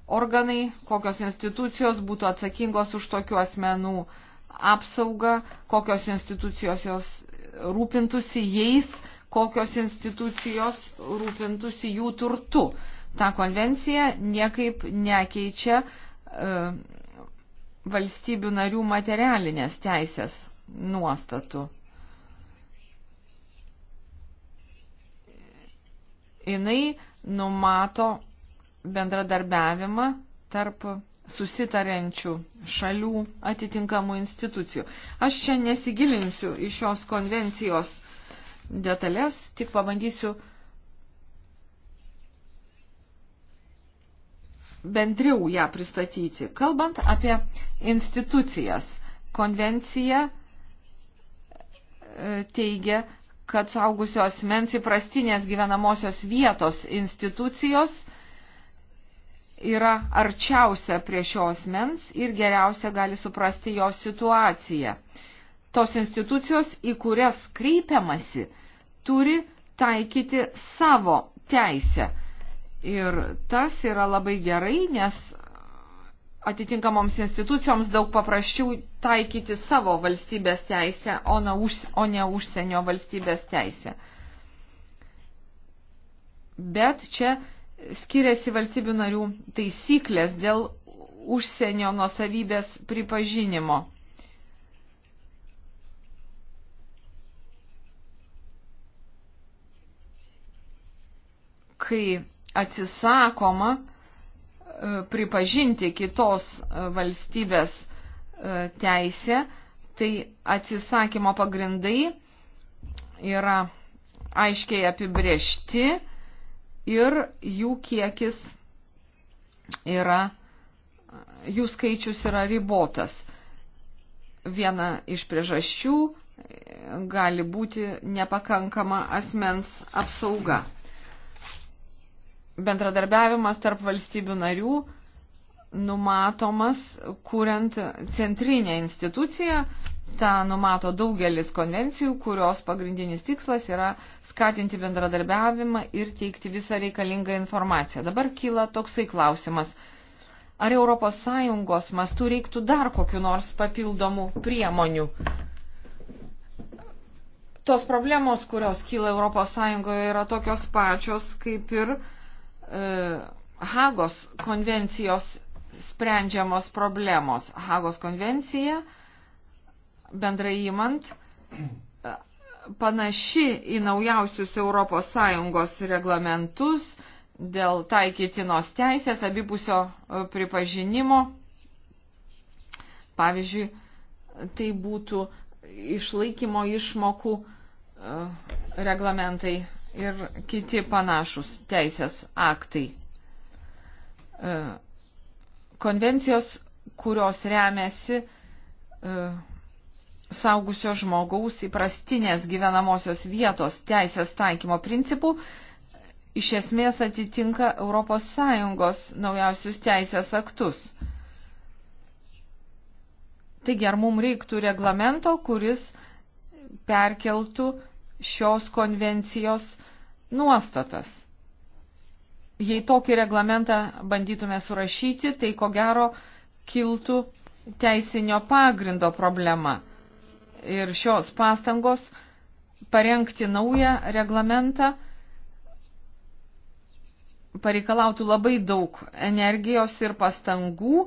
organai, kokios institucijos būtų atsakingos už tokių asmenų apsaugą, kokios institucijos jos rūpintusi jais, kokios institucijos rūpintusi jų turtu. Ta konvencija niekaip nekeičia e, valstybių narių materialinės teisės nuostatų. jinai numato bendradarbiavimą tarp susitariančių šalių atitinkamų institucijų. Aš čia nesigilinsiu į šios konvencijos detalės, tik pabandysiu bendriau ją pristatyti. Kalbant apie institucijas, konvencija e, teigia, kad saugusio asmens įprastinės gyvenamosios vietos institucijos yra arčiausia prie šio asmens ir geriausia gali suprasti jo situaciją. Tos institucijos, į kurias kreipiamasi, turi taikyti savo teisę. Ir tas yra labai gerai, nes atitinkamoms institucijoms daug paprasčiau taikyti savo valstybės teisę, o ne užsienio valstybės teisę. Bet čia skiriasi valstybių narių taisyklės dėl užsienio nuosavybės pripažinimo. Kai atsisakoma pripažinti kitos e, valstybės e, teisę, tai atsisakymo pagrindai yra aiškiai apibriešti ir jų kiekis yra, jų skaičius yra ribotas. Viena iš priežasčių e, gali būti nepakankama asmens apsauga bendradarbiavimas tarp valstybių narių numatomas, kuriant centrinę instituciją. Ta numato daugelis konvencijų, kurios pagrindinis tikslas yra skatinti bendradarbiavimą ir teikti visą reikalingą informaciją. Dabar kyla toksai klausimas. Ar ES mastų reiktų dar kokiu nors papildomų priemonių? Tos problemos, kurios kyla ES, yra tokios pačios kaip ir uh, E, Hagos konvencijos sprendžiamos problemos. Hagos konvencija, bendrai įmant, e, panaši į naujausius ES reglamentus dėl taikytinos teisės, abipusio e, pripažinimo. Pavyzdžiui, tai būtų išlaikymo išmokų reglamentai ir kiti panašus teisės aktai. E, konvencijos, kurios remiasi e, saugusio žmogaus įprastinės gyvenamosios vietos teisės taikymo principų, iš esmės atitinka ES naujausius teisės aktus. Taigi, ar mums reiktų reglamento, kuris perkeltų šios konvencijos nuostatas. Jei tokį reglamentą bandytume surašyti, tai ko gero kiltų teisinio pagrindo problema. Ir šios pastangos parengti naują reglamentą pareikalautų labai daug energijos ir pastangų.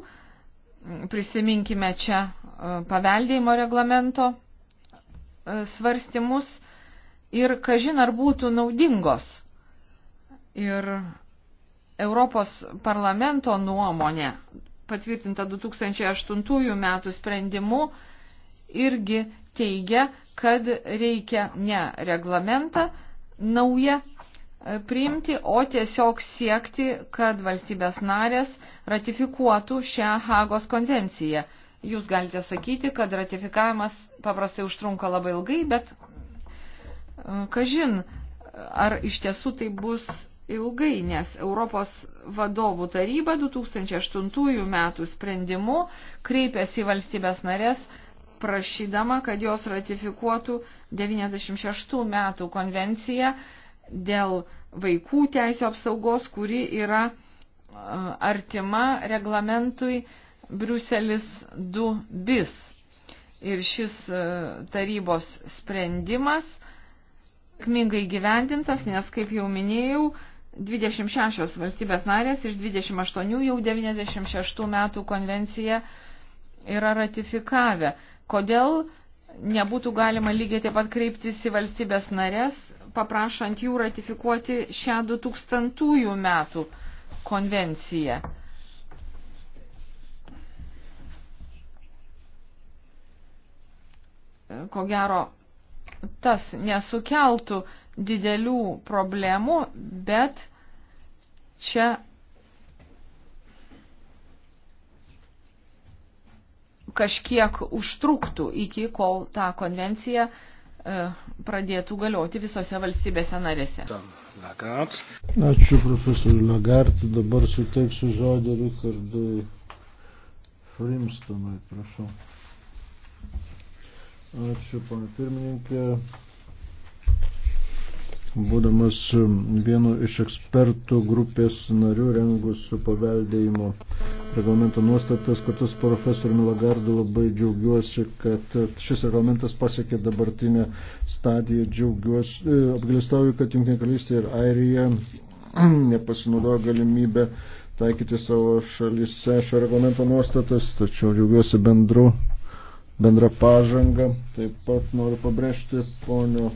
Prisiminkime čia e, paveldėjimo reglamento e, svarstymus ir kažin ar būtų naudingos. Ir Europos parlamento nuomonė, patvirtinta 2008 metų sprendimu, irgi teigia, kad reikia ne reglamentą naują e, priimti, o tiesiog siekti, kad valstybės narės ratifikuotų šią Hagos konvenciją. Jūs galite sakyti, kad ratifikavimas paprastai užtrunka labai ilgai, bet Kažin, ar iš tiesų tai bus ilgai, nes Europos vadovų taryba 2008 metų sprendimu kreipėsi į valstybės narės prašydama, kad jos ratifikuotų 96 metų konvenciją dėl vaikų teisų apsaugos, kuri yra artima reglamentui Bruselis 2 bis. Ir šis tarybos sprendimas sėkmingai gyvendintas, nes, kaip jau minėjau, 26 valstybės narės iš 28 jau 96 metų konvenciją yra ratifikavę. Kodėl nebūtų galima lygiai taip pat kreiptis į valstybės narės, paprašant jų ratifikuoti šią 2000 metų konvenciją? Ko gero, tas nesukeltų didelių problemų, bet čia kažkiek užtruktų iki kol tą konvenciją e, pradėtų galioti visose valstybėse narėse. Ačiū profesoriu Lagartį, dabar suteiksiu žodį Richardui Frimstonui, prašau. Ačiū, pana pirmininkė. Būdamas vienu iš ekspertų grupės narių rengusių paveldėjimo reglamento nuostatas, kartu su profesoriumi Lagardu labai džiaugiuosi, kad šis reglamentas pasiekė dabartinę stadiją. Džiaugiuosi, e, apgalistauju, kad Junkinė karalystė ir Airija nepasinaudojo galimybę taikyti savo šalyse šio reglamento nuostatas, tačiau džiaugiuosi bendru bendrą pažangą. Taip pat noriu pabrėžti ponio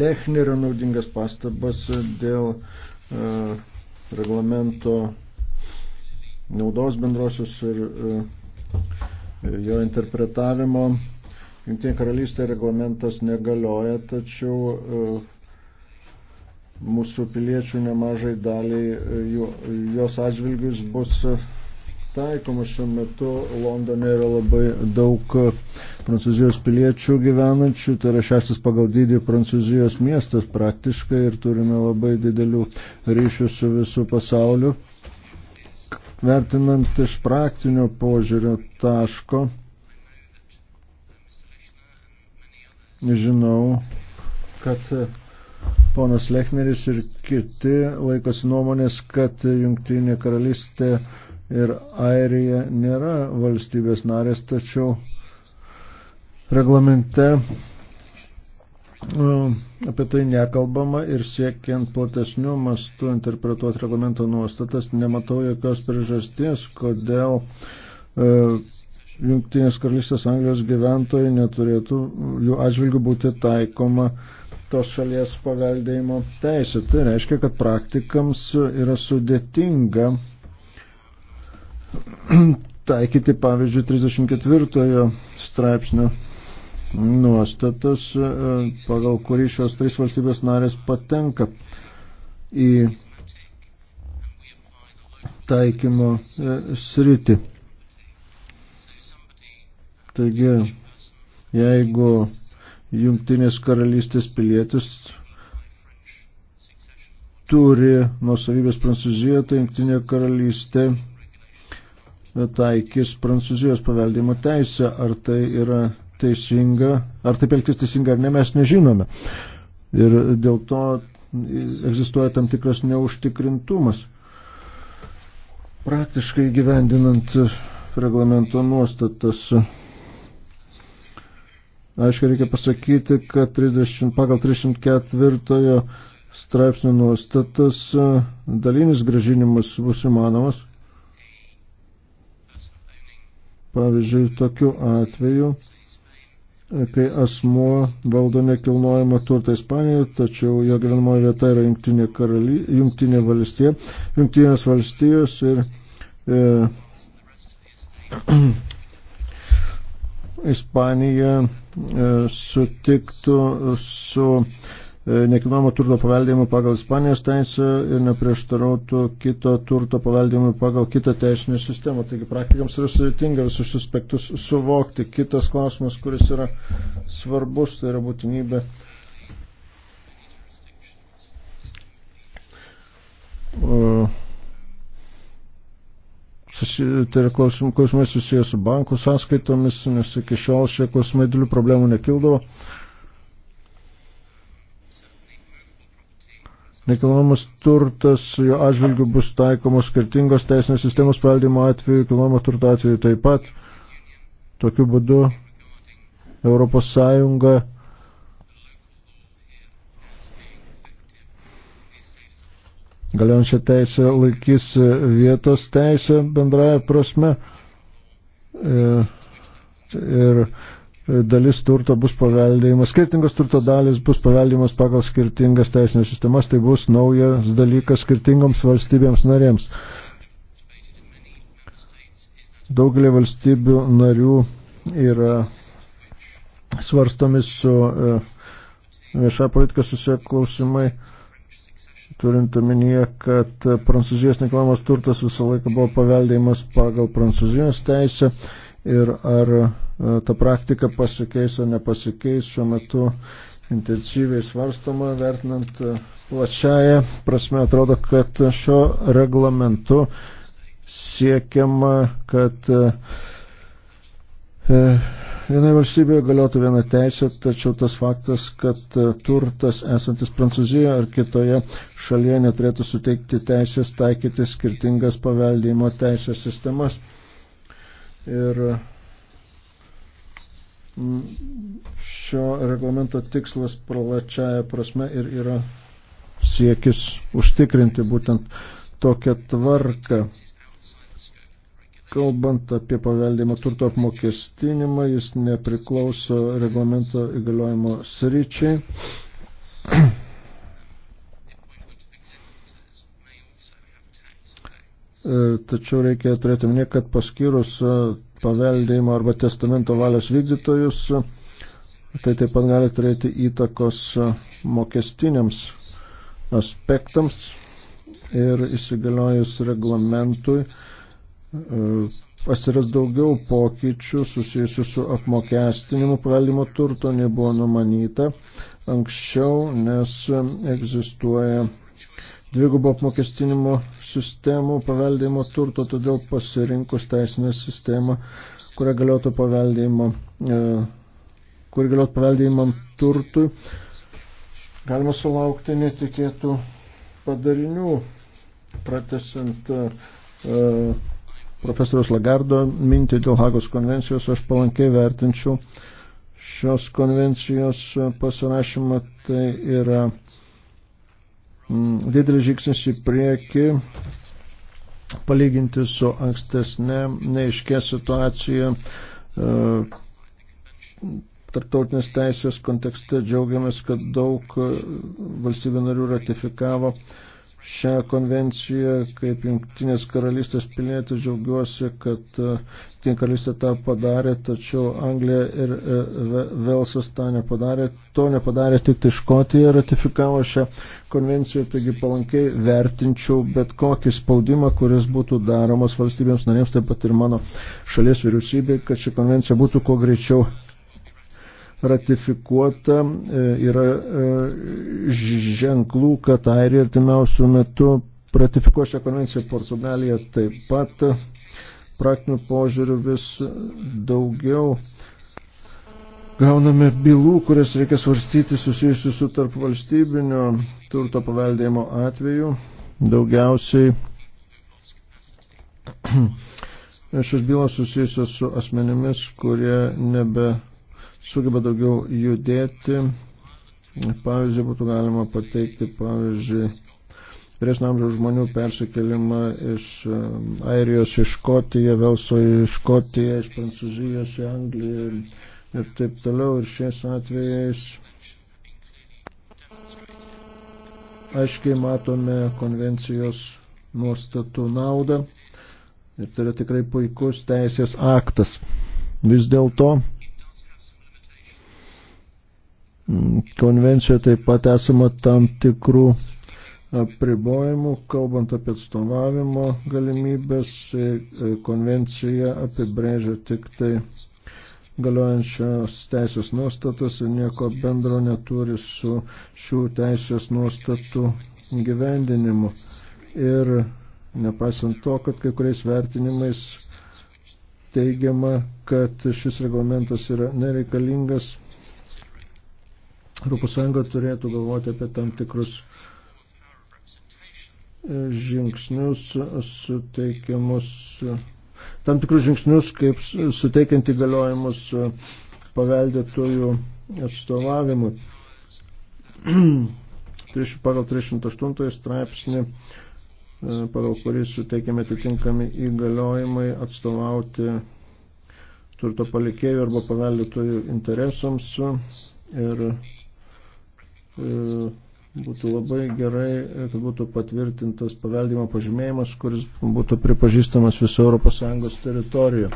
Lechnerio naudingas pastabas dėl e, reglamento naudos bendrosios ir e, jo interpretavimo. Jungtinė karalystė reglamentas negalioja, tačiau e, mūsų piliečių nemažai daliai e, jo, jos atžvilgius bus taikoma šiuo metu Londone yra labai daug e, prancūzijos piliečių gyvenančių, tai yra šeštas pagal dydį prancūzijos miestas praktiškai ir turime labai didelių ryšių su visų pasauliu. Vertinant iš praktinio požiūrio taško, žinau, kad ponas Lechneris ir kiti laikosi nuomonės, kad jungtinė karalystė ir Airija nėra valstybės narės, tačiau reglamente um, apie tai nekalbama ir siekiant platesnių mastų interpretuoti reglamento nuostatas, nematau jokios priežasties, kodėl e, Junktinės karalystės Anglijos gyventojai neturėtų jų atžvilgių būti taikoma tos šalies paveldėjimo teisė. Tai reiškia, kad praktikams yra sudėtinga taikyti, pavyzdžiui, 34 straipsnio nuostatas, e, pagal kurį šios trys valstybės narės patenka į taikymo e, sritį. Taigi, jeigu jungtinės karalystės pilietis turi nuosavybės Prancūzijoje, tai jungtinė karalystė taikys Prancūzijos paveldimo teisę, ar tai yra teisinga, ar taip elgtis teisinga ar ne, mes nežinome. Ir dėl to egzistuoja tam tikras neužtikrintumas. Praktiškai gyvendinant reglamento nuostatas. Aišku, reikia pasakyti, kad 30, pagal 34 straipsnio nuostatas dalinis gražinimas bus įmanomas Pavyzdžiui, tokiu atveju, kai asmuo valdo nekilnojamą turtą Ispanijoje, tačiau jo gyvenamoji vieta yra Jungtinė, karaly, Jungtinė valstija, Jungtinės valstijos ir e, Ispanija e, sutiktų su E, nekilnojamo turto paveldėjimui pagal Ispanijos teisę ir neprieštarautų kito turto paveldėjimui pagal kitą teisinę sistemą. Taigi praktikams yra sudėtinga visus šius aspektus suvokti. Kitas klausimas, kuris yra svarbus, tai yra būtinybė. Susi, tai yra klausimai, klausimai susijęs su bankų sąskaitomis, nes iki šiol šie klausimai dėlių problemų nekildavo. Nekilnojamas turtas jo atžvilgių bus taikomos skirtingos teisinės sistemos paveldimo atveju, kilnojamo turto atveju taip pat. Tokiu būdu Europos Sąjunga galiojančią teisę laikys vietos teisę bendraja prasme. E, ir, ir dalis turto bus paveldėjimas, skirtingos turto dalis bus paveldėjimas pagal skirtingas teisinės sistemas, tai bus naujas dalykas skirtingoms valstybėms narėms. Daugelį valstybių narių yra svarstomi su e, viešą politiką susiję klausimai, turint omenyje, kad prancūzijos nekilnojamas turtas visą laiką buvo paveldėjimas pagal prancūzijos teisę ir ar e, ta praktika pasikeis ar nepasikeis šiuo metu intensyviai svarstoma, vertinant e, plačiają prasme, atrodo, kad šio reglamentu siekiama, kad e, Vienai valstybėje galiotų viena teisė, tačiau tas faktas, kad turtas esantis Prancūzijoje ar kitoje šalyje neturėtų suteikti teisės taikyti skirtingas paveldėjimo teisės sistemas. Ir mm, šio reglamento tikslas pralačiaja prasme ir yra siekis užtikrinti būtent tokią tvarką. Kalbant apie paveldimo turto apmokestinimą, jis nepriklauso reglamento įgaliojimo sričiai. E, tačiau reikia turėti minė, kad paskyrus e, paveldėjimo arba testamento valios vykdytojus, e, tai taip pat gali turėti įtakos mokestiniams aspektams ir įsigaliojus reglamentui pasiras daugiau pokyčių susijusių su apmokestinimu paveldimo turto nebuvo numanyta anksčiau, nes egzistuoja dvigubo apmokestinimo sistemų paveldėjimo turto, todėl pasirinkus teisinę sistemą, kuria galėtų paveldėjimo, e, kur galėtų paveldėjimam turtui, galima sulaukti netikėtų padarinių, pratesant e, e, profesorius Lagardo mintį dėl Hagos konvencijos, aš palankiai vertinčiau šios konvencijos pasirašymą, tai yra Mm, didelis žingsnis į priekį, palyginti su ankstesnė neiškė situacija. E, Tartautinės teisės kontekste džiaugiamės, kad daug valstybių narių ratifikavo uh, šią konvenciją kaip Junktinės karalystės pilietis džiaugiuosi, kad e, Junktinė karalystė tą padarė, tačiau Anglija ir e, Velsas tą nepadarė. To nepadarė tik tai Škotija ratifikavo šią konvenciją, taigi palankiai vertinčiau bet kokį spaudimą, kuris būtų daromas valstybėms narėms, taip pat ir mano šalies vyriausybei, kad ši konvencija būtų kuo greičiau ratifikuota, e, yra e, ženklų, kad Airija artimiausių metų ratifikuo šią konvenciją, Portugalija taip pat praktinių požiūrių vis daugiau gauname bylų, kurias reikia svarstyti susijusių su tarp valstybinio turto paveldėjimo atveju. Daugiausiai šios bylos susijusios su asmenimis, kurie nebe sugeba daugiau judėti. Pavyzdžiui, būtų galima pateikti, pavyzdžiui, vyresnio amžiaus žmonių persikėlimą iš um, Airijos į Škotiją, Velso į Škotiją, iš Prancūzijos į Angliją ir taip toliau. Ir šiais atvejais aiškiai matome konvencijos nuostatų naudą ir tai yra tikrai puikus teisės aktas. Vis dėlto Mm, konvencijoje taip pat esama tam tikrų apribojimų, kalbant apie atstovavimo galimybės. E, e, konvencija apibrėžia tik tai galiojančios teisės nuostatas ir nieko bendro neturi su šių teisės nuostatų gyvendinimu. Ir nepaisant to, kad kai kuriais vertinimais teigiama, kad šis reglamentas yra nereikalingas, Europos Sąjunga turėtų galvoti apie tam tikrus e, žingsnius suteikiamus, tam tikrus žingsnius, kaip suteikiant įgaliojimus e, paveldėtojų atstovavimui. pagal 308 straipsnį, e, pagal kurį suteikiame atitinkami įgaliojimai atstovauti turto palikėjų arba paveldėtojų interesams ir E, būtų labai gerai, e, kad būtų patvirtintas paveldimo pažymėjimas, kuris būtų pripažįstamas viso ES teritorijoje.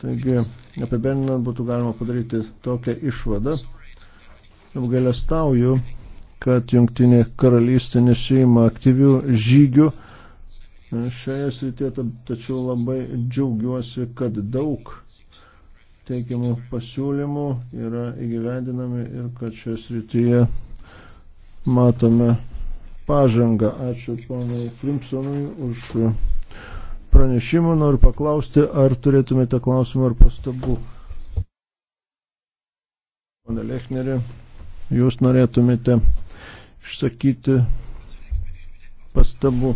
Taigi, apibendrinant, būtų galima padaryti tokią išvadą. Apgailestauju, kad jungtinė karalystė nesijima aktyvių žygių e, šioje srityje, tačiau labai džiaugiuosi, kad daug teikiamų pasiūlymų yra įgyvendinami ir kad šioje srityje matome pažangą. Ačiū ponui Flimsonui už pranešimą. Noriu paklausti, ar turėtumėte klausimą ar pastabų. Pone Lechneri, jūs norėtumėte išsakyti pastabų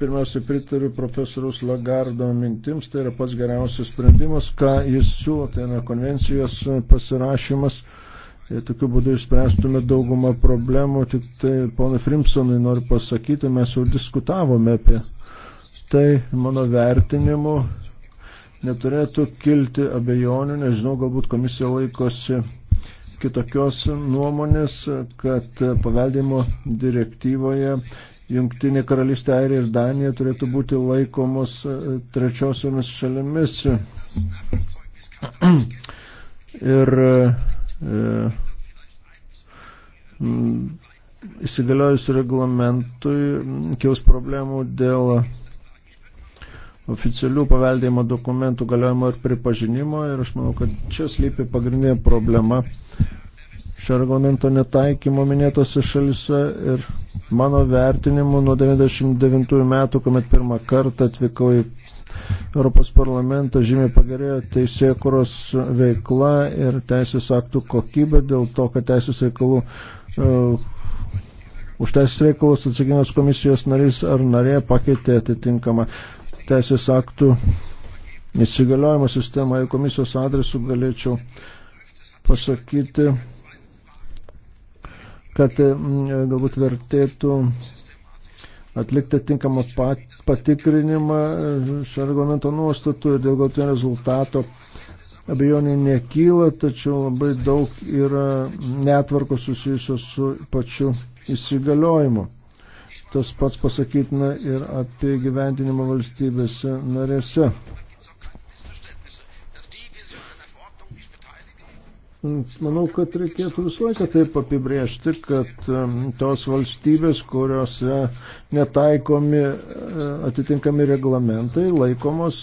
pirmiausia pritariu profesorius Lagardo mintims, tai yra pats geriausias sprendimas, ką jis siūlo, tai yra konvencijos pasirašymas. Ir tokiu būdu išspręstume daugumą problemų, tik tai ponui Frimsonui noriu pasakyti, mes jau diskutavome apie tai mano vertinimu neturėtų kilti abejonių, nežinau, galbūt komisija laikosi kitokios nuomonės, kad paveldimo direktyvoje Jungtinė karalystė, Airija ir Danija turėtų būti laikomos e, trečiosiomis šalimis. Ir e, mm, įsigaliojus reglamentui mm, kils problemų dėl oficialių paveldėjimo dokumentų galiojimo ir pripažinimo ir aš manau, kad čia slypi pagrindinė problema, šio reglamento netaikymo minėtose šalise ir mano vertinimu nuo 99 metų, kuomet pirmą kartą atvykau į Europos parlamentą, žymiai pagerėjo teisėkuros veikla ir teisės aktų kokybė dėl to, kad teisės reikalų uh, už teisės reikalus atsakingos komisijos narys ar narė pakeitė atitinkamą teisės aktų įsigaliojimo sistemą į komisijos adresų galėčiau pasakyti, kad e, e, galbūt vertėtų atlikti tinkamą patikrinimą e, šio reglamento nuostatų ir dėl galtinio rezultato abejonių nekyla, tačiau labai daug yra netvarko susijusios su pačiu įsigaliojimu. Tas pats pasakytina ir apie gyventinimą valstybėse narėse. Manau, kad reikėtų visą laiką taip apibriežti, kad tos valstybės, kuriuose netaikomi e, atitinkami reglamentai, laikomos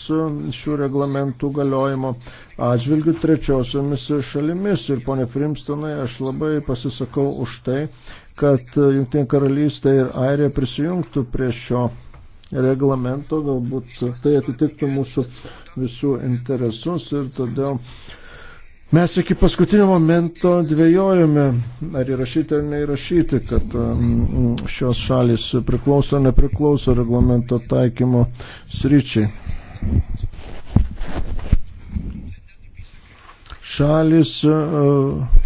šių reglamentų galiojimo atžvilgių trečiosiomis šalimis. Ir ponė Primstonai, aš labai pasisakau už tai, kad Junktinė karalystė ir Airija prisijungtų prie šio reglamento, galbūt tai atitiktų mūsų visų interesus ir todėl Mes iki paskutinio momento dvėjojame, ar įrašyti ar neįrašyti, kad um, šios šalis priklauso ar nepriklauso reglamento taikymo sryčiai. Šalis, uh,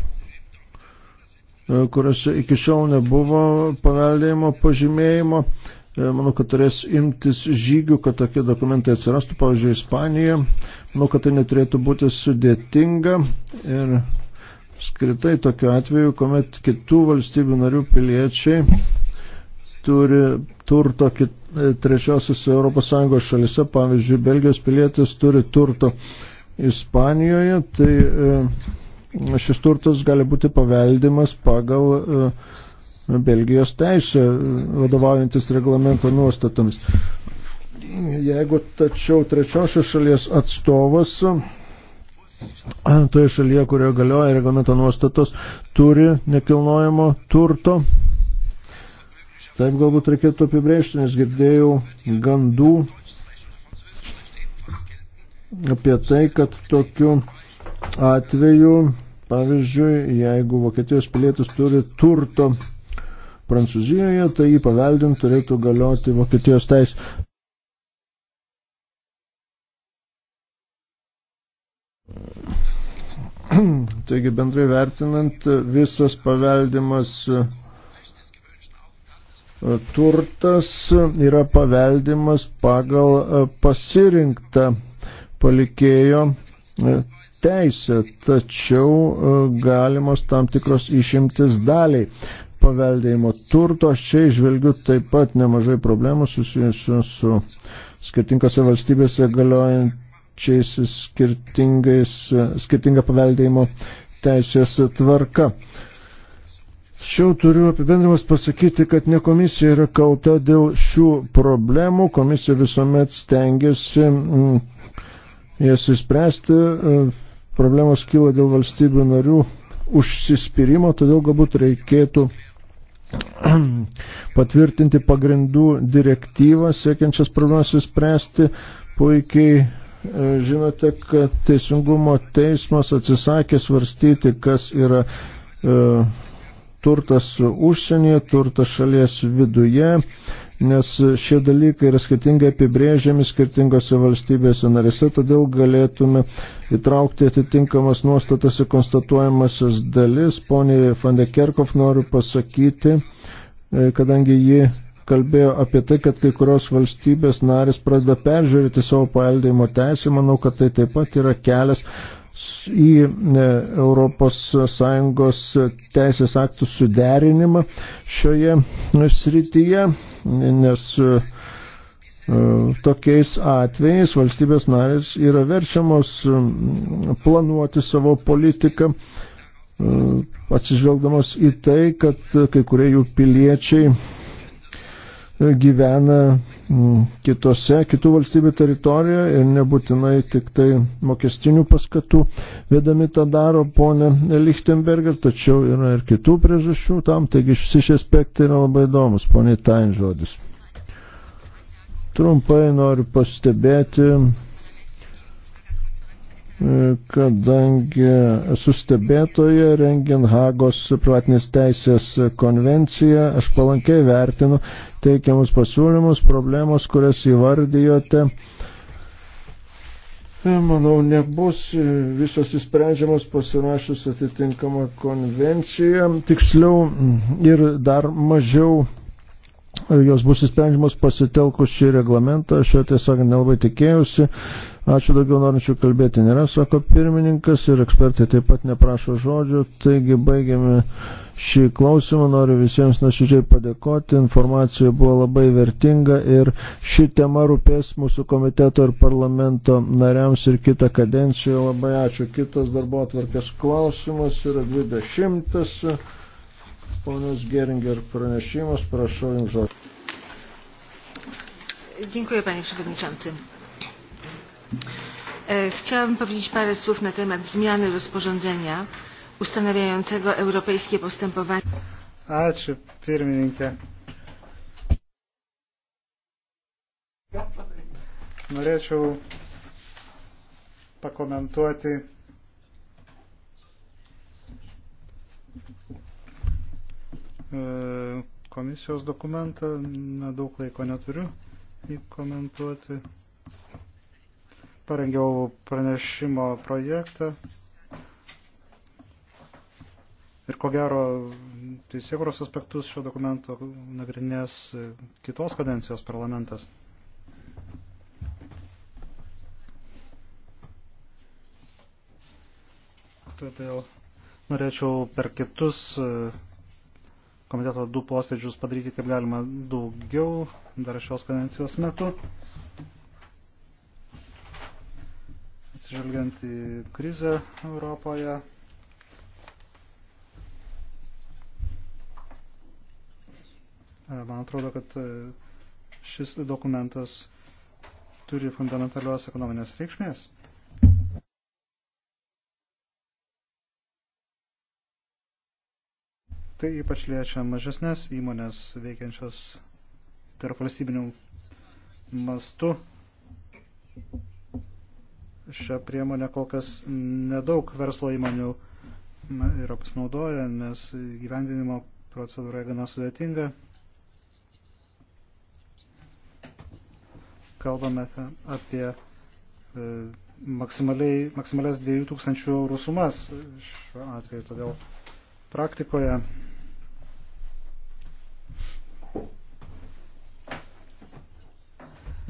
uh, kuriuose iki šiol nebuvo paveldėjimo pažymėjimo, uh, manau, kad turės imtis žygių, kad tokie dokumentai atsirastų, pavyzdžiui, Ispanijoje Manau, kad tai neturėtų būti sudėtinga ir skritai tokiu atveju, kuomet kitų valstybių narių piliečiai turi turto kit, e, trečiosios ES šalise, pavyzdžiui, Belgijos pilietis turi turto Ispanijoje, tai e, šis turtas gali būti paveldimas pagal e, Belgijos teisę, vadovaujantis reglamento nuostatams. Jeigu tačiau trečiosios šalies atstovas toje šalyje, kurioje galioja reglamento nuostatos, turi nekilnojamo turto. Taip galbūt reikėtų apibrėžti, nes girdėjau gandų apie tai, kad tokiu atveju, pavyzdžiui, jeigu Vokietijos pilietis turi turto Prancūzijoje, tai jį paveldint turėtų galioti Vokietijos teisė. Taigi bendrai vertinant, visas paveldimas e, turtas yra paveldimas pagal e, pasirinktą palikėjo e, teisę, tačiau galimos tam tikros išimtis daliai paveldėjimo turto. Aš čia išvelgiu taip pat nemažai problemų susijusių su skirtingose valstybėse galiojant šiais skirtinga paveldėjimo teisės tvarka. Šiau turiu apibendrimas pasakyti, kad ne komisija yra kalta dėl šių problemų, komisija visuomet stengiasi mm, jas įspręsti, e, problemos kyla dėl valstybių narių užsispyrimo, todėl galbūt reikėtų patvirtinti pagrindų direktyvą, siekiančias problemas įspręsti, puikiai E, žinote, kad Teisingumo teismas atsisakė svarstyti, kas yra e, turtas užsienyje, turtas šalies viduje, nes šie dalykai yra skirtingai apibrėžiami skirtingose valstybėse narėse, todėl galėtume įtraukti atitinkamas nuostatas į konstatuojamasis dalis. Poniai Fandekerkov noriu pasakyti, e, kadangi ji kalbėjo apie tai, kad kai kurios valstybės narės pradeda peržiūrėti savo paeldėjimo teisę, manau, kad tai taip pat yra kelias į ES teisės aktų suderinimą šioje e, srityje, nes e, e, tokiais atvejais valstybės narės yra verčiamos planuoti savo politiką, atsižvelgdamos į tai, kad kai kurie jų piliečiai gyvena mm, kitose, kitų valstybių teritorijoje ir nebūtinai tik tai mokestinių paskatų vedami tą daro ponė Lichtenberger, tačiau yra ir kitų priežasčių tam, taigi visi šie aspektai yra labai įdomus, ponė Tain žodis. Trumpai noriu pastebėti, kadangi esu stebėtoje rengiant Hagos privatinės teisės konvenciją, aš palankiai vertinu teikiamus pasiūlymus, problemos, kurias įvardijote. E, manau, nebus e, visos įsprendžiamos pasirašus atitinkamą konvenciją, tiksliau ir dar mažiau jos bus įsprendžiamos pasitelkus šį reglamentą, aš jo tiesiog nelabai tikėjausi. Ačiū daugiau norinčių kalbėti nėra, sako pirmininkas ir ekspertai taip pat neprašo žodžių. Taigi baigiame šį klausimą, noriu visiems nuoširdžiai padėkoti, informacija buvo labai vertinga ir ši tema rūpės mūsų komiteto ir parlamento nariams ir kitą kadenciją. Labai ačiū. Kitas darbo atvarkės klausimas yra 20. Ponas Geringer pranešimas, prašau Jums žodžiu. Dziękuję Panie Przewodniczący. E, chciałabym powiedzieć parę słów na temat zmiany rozporządzenia ustanawiającego europejskie postępowanie. Ačiū, pirmininkė. Norėčiau pakomentuoti E, komisijos dokumentą, nedaug laiko neturiu komentuoti. Parengiau pranešimo projektą ir ko gero teisėkuros aspektus šio dokumento nagrinės kitos kadencijos parlamentas. Todėl norėčiau per kitus komiteto du posėdžius padaryti kaip galima daugiau dar šios kadencijos metu. Atsižvelgiant į krizę Europoje. E, man atrodo, kad e, šis dokumentas turi fundamentalios ekonominės reikšmės. Tai ypač liečia mažesnės įmonės veikiančios tarp valstybinių mastų. Šią priemonę kol kas nedaug verslo įmonių yra pasinaudoję, nes gyvendinimo procedūra gana sudėtinga. Kalbame apie e, maksimalias 2000 eurų sumas šiuo atveju, todėl praktikoje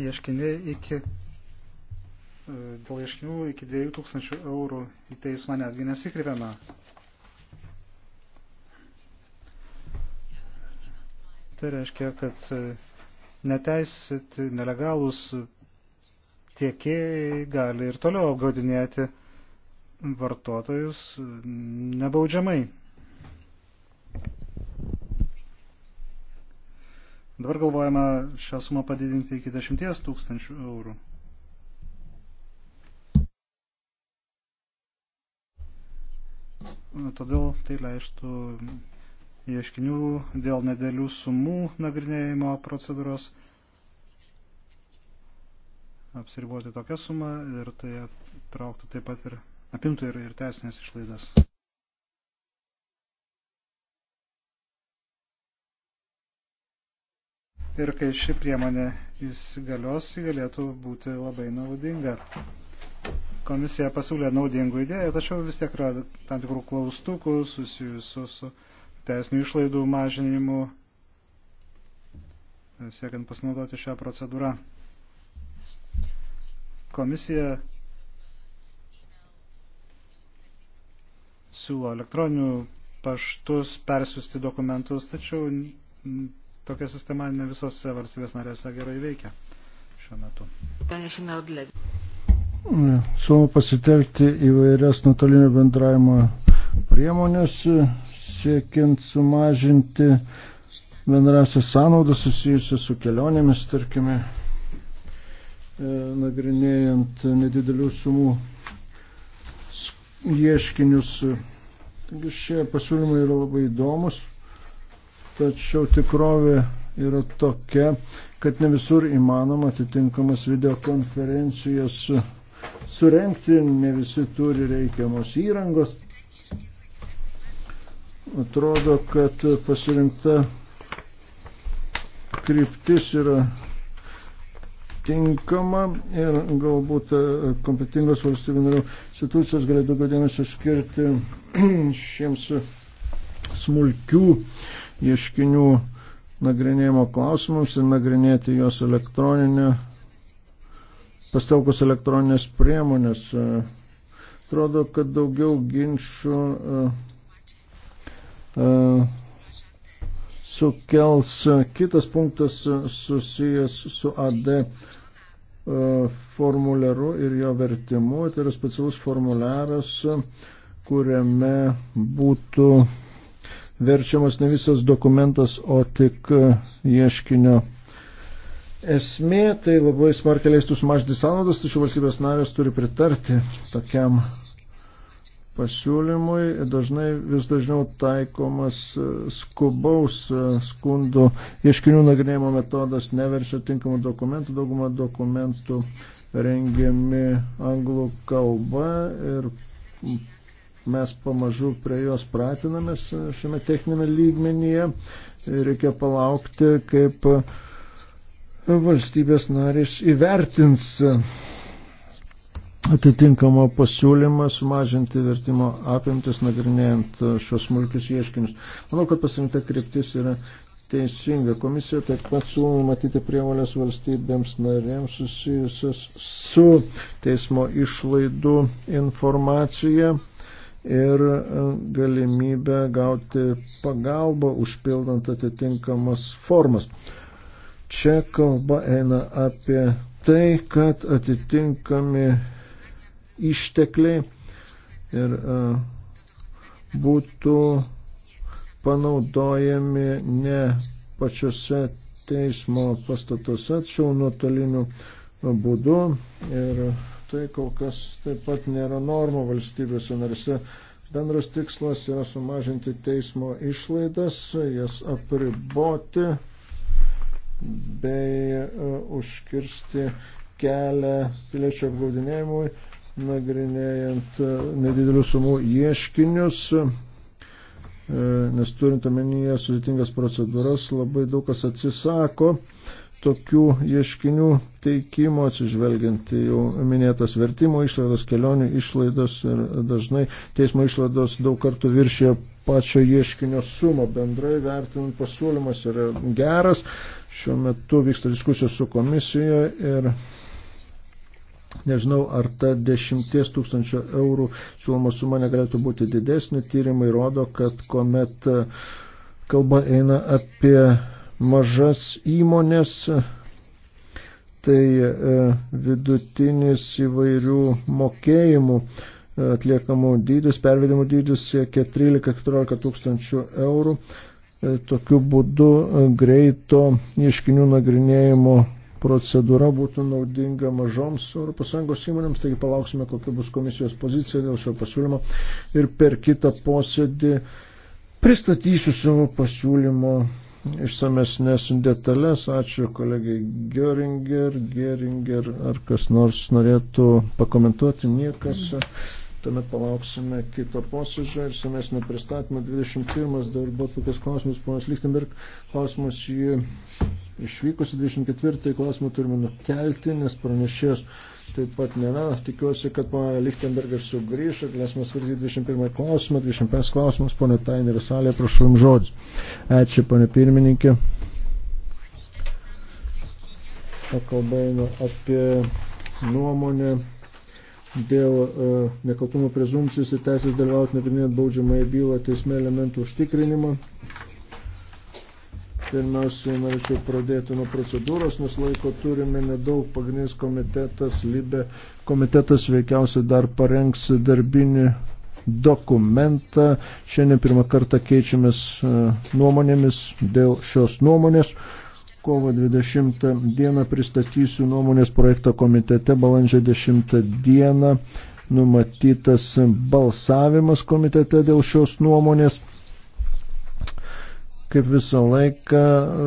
Ieškiniai iki, e, dėl ieškinių iki 2000 eurų į teismą netgi nesikreipiama. Tai reiškia, kad e, neteisėti nelegalūs tiekėjai gali ir toliau apgaudinėti vartotojus nebaudžiamai. Dabar galvojama šią sumą padidinti iki 10 tūkstančių eurų. Todėl tai leistų ieškinių dėl nedėlių sumų nagrinėjimo procedūros apsiriboti tokią sumą ir tai trauktų taip pat ir apimtų ir, ir teisinės išlaidas. ir kai ši priemonė įsigalios, ji galėtų būti labai naudinga. Komisija pasiūlė naudingų idėją, tačiau vis tiek yra tam tikrų klaustukų susijusių su teisinių išlaidų mažinimu, siekiant pasinaudoti šią procedūrą. Komisija siūlo elektroninių paštus persiųsti dokumentus, tačiau Tokia sistema ne visose valstybės narėse gerai veikia šiuo metu. Sumu pasitelkti įvairias nuotolinio bendravimo priemonės, siekiant sumažinti bendrasias sąnaudas susijusias su kelionėmis, tarkime, e, nagrinėjant nedidelių sumų ieškinius. Taigi šie pasiūlymai yra labai įdomus tačiau tikrovė yra tokia, kad ne visur įmanoma atitinkamas videokonferencijas surenkti, ne visi turi reikiamos įrangos. Atrodo, kad pasirinkta kryptis yra tinkama ir galbūt e, kompetingos valstybinarių institucijos galėtų daugiau dėmesio skirti šiems smulkių uh, ieškinių nagrinėjimo klausimams ir nagrinėti jos elektroninę, pastelkus elektroninės priemonės. Atrodo, kad daugiau ginčių e, e, sukels kitas punktas susijęs su AD e, formularu ir jo vertimu. Tai yra specialus formularas, kuriame būtų verčiamas ne visas dokumentas, o tik e, ieškinio esmė. Tai labai smarkiai leistų sumažinti sąnaudas, tačiau valstybės narės turi pritarti tokiam pasiūlymui. Dažnai vis dažniau taikomas e, skubaus e, skundų ieškinių nagrinėjimo metodas neverčia tinkamų dokumentų, daugumą dokumentų rengiami anglų kalba ir mes pamažu prie jos pratinamės šiame techninėme lygmenyje. Reikia palaukti, kaip valstybės narys įvertins atitinkamą pasiūlymą sumažinti vertimo apimtis, nagrinėjant šios smulkius ieškinius. Manau, kad pasirinkta kryptis yra teisinga. Komisija taip pat siūlo matyti prievalės valstybėms narėms susijusias su teismo išlaidų informacija ir e, galimybę gauti pagalbą užpildant atitinkamas formas. Čia kalba eina apie tai, kad atitinkami ištekliai ir e, būtų panaudojami ne pačiose teismo pastatuose, tačiau nuotoliniu būdu ir tai kol kas taip pat nėra normų valstybėse narise. Bendras tikslas yra sumažinti teismo išlaidas, jas apriboti bei uh, užkirsti kelią piliečio apgaudinėjimui, nagrinėjant uh, nedidelių sumų ieškinius, uh, nes turint omenyje sudėtingas procedūras, labai daug kas atsisako uh, tokių ieškinių teikimo, atsižvelgiant jau minėtas vertimo išlaidas, kelionių išlaidas ir dažnai teismo išlaidos daug kartų viršė pačio ieškinio sumą. Bendrai vertinant pasiūlymas yra geras. Šiuo metu vyksta diskusijos su komisija ir Nežinau, ar ta dešimties tūkstančio eurų siūloma suma negalėtų būti didesnė. Tyrimai rodo, kad kuomet kalba eina apie mažas įmonės, tai e, vidutinis įvairių mokėjimų e, atliekamų dydis, pervedimų dydis siekia 13-14 tūkstančių eurų. E, tokiu būdu greito ieškinių nagrinėjimo procedūra būtų naudinga mažoms ES įmonėms, taigi palauksime, kokia bus komisijos pozicija dėl šio pasiūlymo ir per kitą posėdį pristatysiu savo pasiūlymo išsamesnės detalės. Ačiū kolegai Göringer, Geringer, ar kas nors norėtų pakomentuoti niekas. Tuomet palauksime kito posėdžio ir samesnio pristatymą. 21 darbo tokias klausimus, ponas Lichtenberg, klausimas jį išvykusi 24 klausimą turime nukelti, nes pranešės taip pat nėra. Tikiuosi, kad ponia Lichtenbergas sugrįš, galėsime svarstyti 21 klausimą, 25 klausimus, ponia Tainer salė, prašau jums žodžius. Ačiū, ponia pirmininkė. Pakalbėjome apie nuomonę dėl uh, nekaltumo prezumcijos ir teisės dalyvauti nagrinėjant baudžiamąją bylą teisme elementų užtikrinimą. Pirmiausiai norėčiau pradėti nuo procedūros, nes laiko turime nedaug. Pagrindinis komitetas, Libė komitetas veikiausiai dar parengs darbinį dokumentą. Šiandien pirmą kartą keičiamės e, nuomonėmis dėl šios nuomonės. Kovo 20 dieną pristatysiu nuomonės projektą komitete, balandžio 10 dieną numatytas balsavimas komitete dėl šios nuomonės Kaip visą laiką,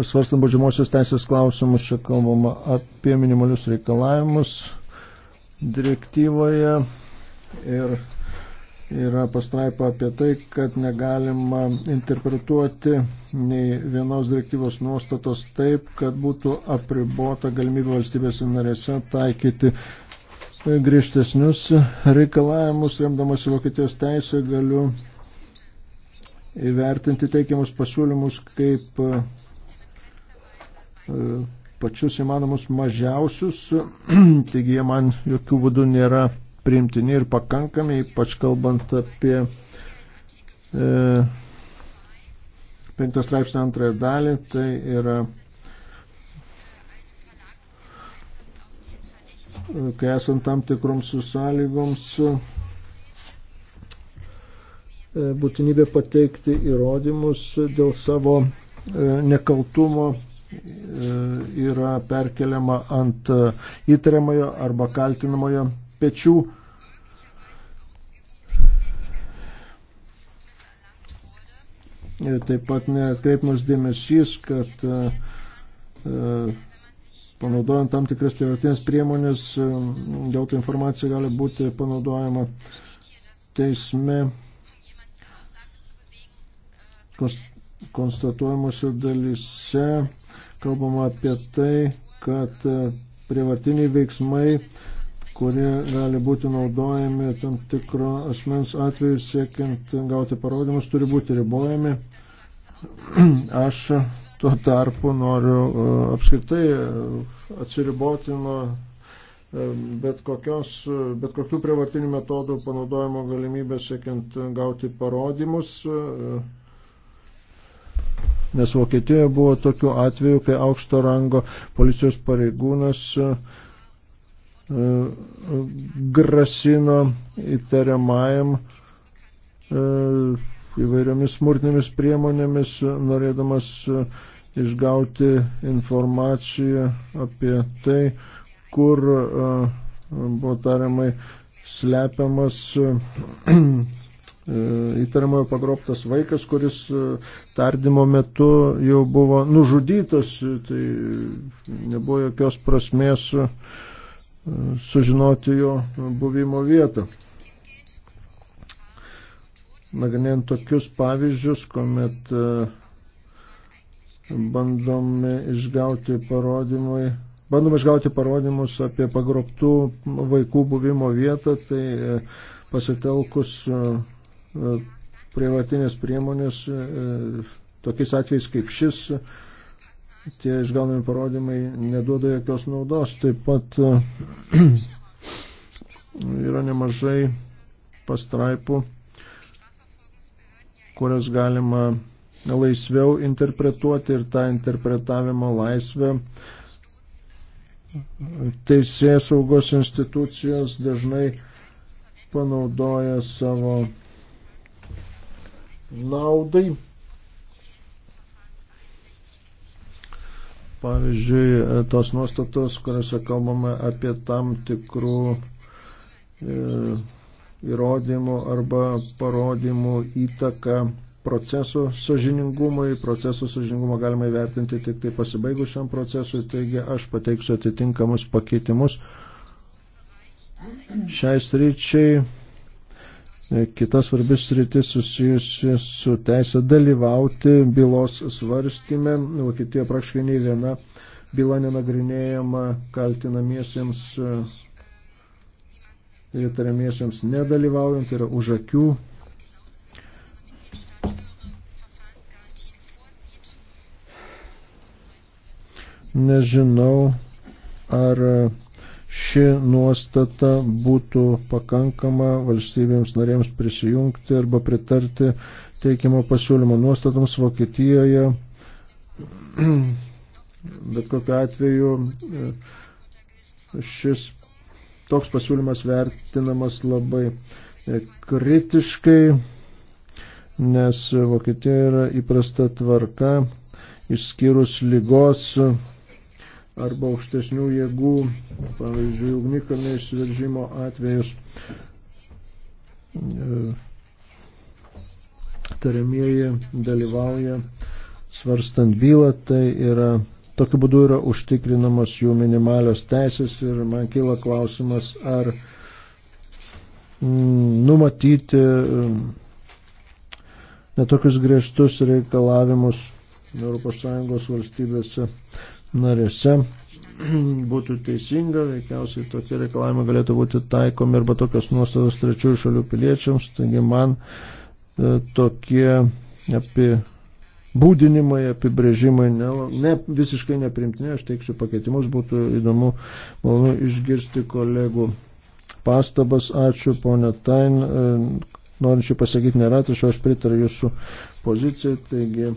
svarstant baudžiamosios teisės klausimus, čia kalbama apie minimalius reikalavimus direktyvoje ir yra pastraipa apie tai, kad negalima interpretuoti nei vienos direktyvos nuostatos taip, kad būtų apribota galimybė valstybėse narėse taikyti griežtesnius reikalavimus, remdamas Vokietijos teisę, galiu įvertinti teikiamus pasiūlymus kaip e, pačius įmanomus mažiausius, taigi jie man jokių būdų nėra priimtini ir pakankami, ypač kalbant apie e, 5 straipsnio antrąją dalį, tai yra e, kai esant tam tikroms sąlygoms E, būtinybė pateikti įrodymus dėl savo e, nekaltumo e, yra perkeliama ant įtariamojo arba kaltinamojo pečių. Taip pat neatkreipnus dėmesys, kad panaudojant tam tikras privatinės priemonės, gauta informacija gali būti panaudojama teisme konstatuojamosių dalyse kalbama apie tai, kad e, prievartiniai veiksmai, kurie gali būti naudojami tam tikro asmens atveju siekiant gauti parodymus, turi būti ribojami. Aš tuo tarpu noriu e, apskritai e, atsiriboti nuo bet, kokios, bet kokių prievartinių metodų panaudojimo galimybės siekiant gauti parodymus Nes Vokietijoje buvo tokių atvejų, kai aukšto rango policijos pareigūnas e, e, grasino įtariamajam e, įvairiomis smurtinėmis priemonėmis, norėdamas išgauti informaciją apie tai, kur buvo tariamai slepiamas E, įtariamojo pagrobtas vaikas, kuris e, tardymo metu jau buvo nužudytas, e, tai nebuvo jokios prasmės sužinoti jo buvimo vietą. Nagrinėjant tokius pavyzdžius, kuomet bandome išgauti parodymai, bandome išgauti parodymus apie pagrobtų vaikų buvimo vietą, tai pasitelkus E, prievartinės priemonės, e, tokiais atvejais kaip šis, tie išgaunami parodymai neduoda jokios naudos. Taip pat e, yra nemažai pastraipų, kurias galima laisviau interpretuoti ir tą interpretavimo laisvę teisėsaugos institucijos dažnai panaudoja savo naudai. Pavyzdžiui, tos nuostatos, kuriuose kalbame apie tam tikrų e, įrodymų arba parodymų įtaką proceso sažiningumui. Proceso sažiningumą galima įvertinti tik tai pasibaigus šiam procesui, taigi aš pateiksiu atitinkamus pakeitimus šiai sryčiai E, Kitas svarbis rytis susijusi su teisė dalyvauti bylos svarstymė. Vokietijoje praktiškai nei viena byla nenagrinėjama kaltinamiesiems ir e, tariamiesiems nedalyvaujant, tai yra už akių. Nežinau, ar ši nuostata būtų pakankama valstybėms norėms prisijungti arba pritarti teikimo pasiūlymo nuostatoms Vokietijoje. Bet kokiu atveju e, šis toks pasiūlymas vertinamas labai e, kritiškai, nes Vokietijoje yra įprasta tvarka, išskyrus lygos arba aukštesnių jėgų, pavyzdžiui, ugnikalniai išsiveržimo atvejus. E, tariamieji dalyvauja svarstant bylą, tai yra tokiu būdu yra užtikrinamos jų minimalios teisės ir man kyla klausimas, ar mm, numatyti mm, netokius griežtus reikalavimus ES valstybėse narėse būtų teisinga, veikiausiai tokie reikalavimai galėtų būti taikomi arba tokios nuostatos trečiųjų šalių piliečiams, taigi man e, tokie apie būdinimai, apibrėžimai ne, ne, visiškai neprimtini, aš teiksiu pakeitimus, būtų įdomu, malonu išgirsti kolegų pastabas, ačiū ponė Tain, e, norinčių pasakyti nėra, tačiau aš pritariu jūsų pozicijai, taigi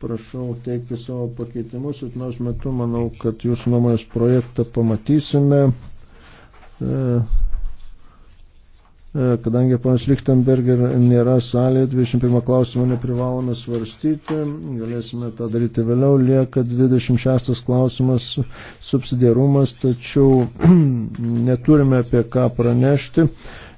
Prašau teikti savo pakeitimus. Atnaus metu manau, kad jūsų nuomonės projektą pamatysime. E, e, kadangi panas Lichtenberger nėra salėje, 21 klausimą neprivalome svarstyti, galėsime tą daryti vėliau, lieka 26 klausimas subsidiarumas, tačiau neturime apie ką pranešti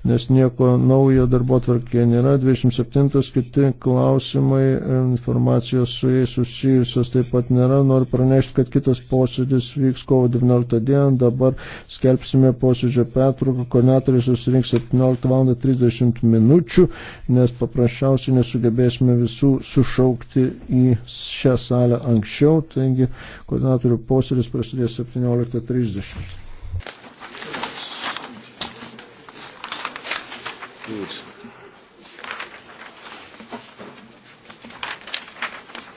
nes nieko naujo darbo tvarkėje nėra. 27 kiti klausimai, e, informacijos su jais susijusios taip pat nėra. Noriu pranešti, kad kitas posėdis vyks kovo 19 dieną. Dabar skelbsime posėdžio petruką. Koordinatoriai susirinks 17.30 minučių, nes paprasčiausiai nesugebėsime visų sušaukti į šią salę anksčiau. Taigi koordinatorių posėdis prasidės 17.30. Gut.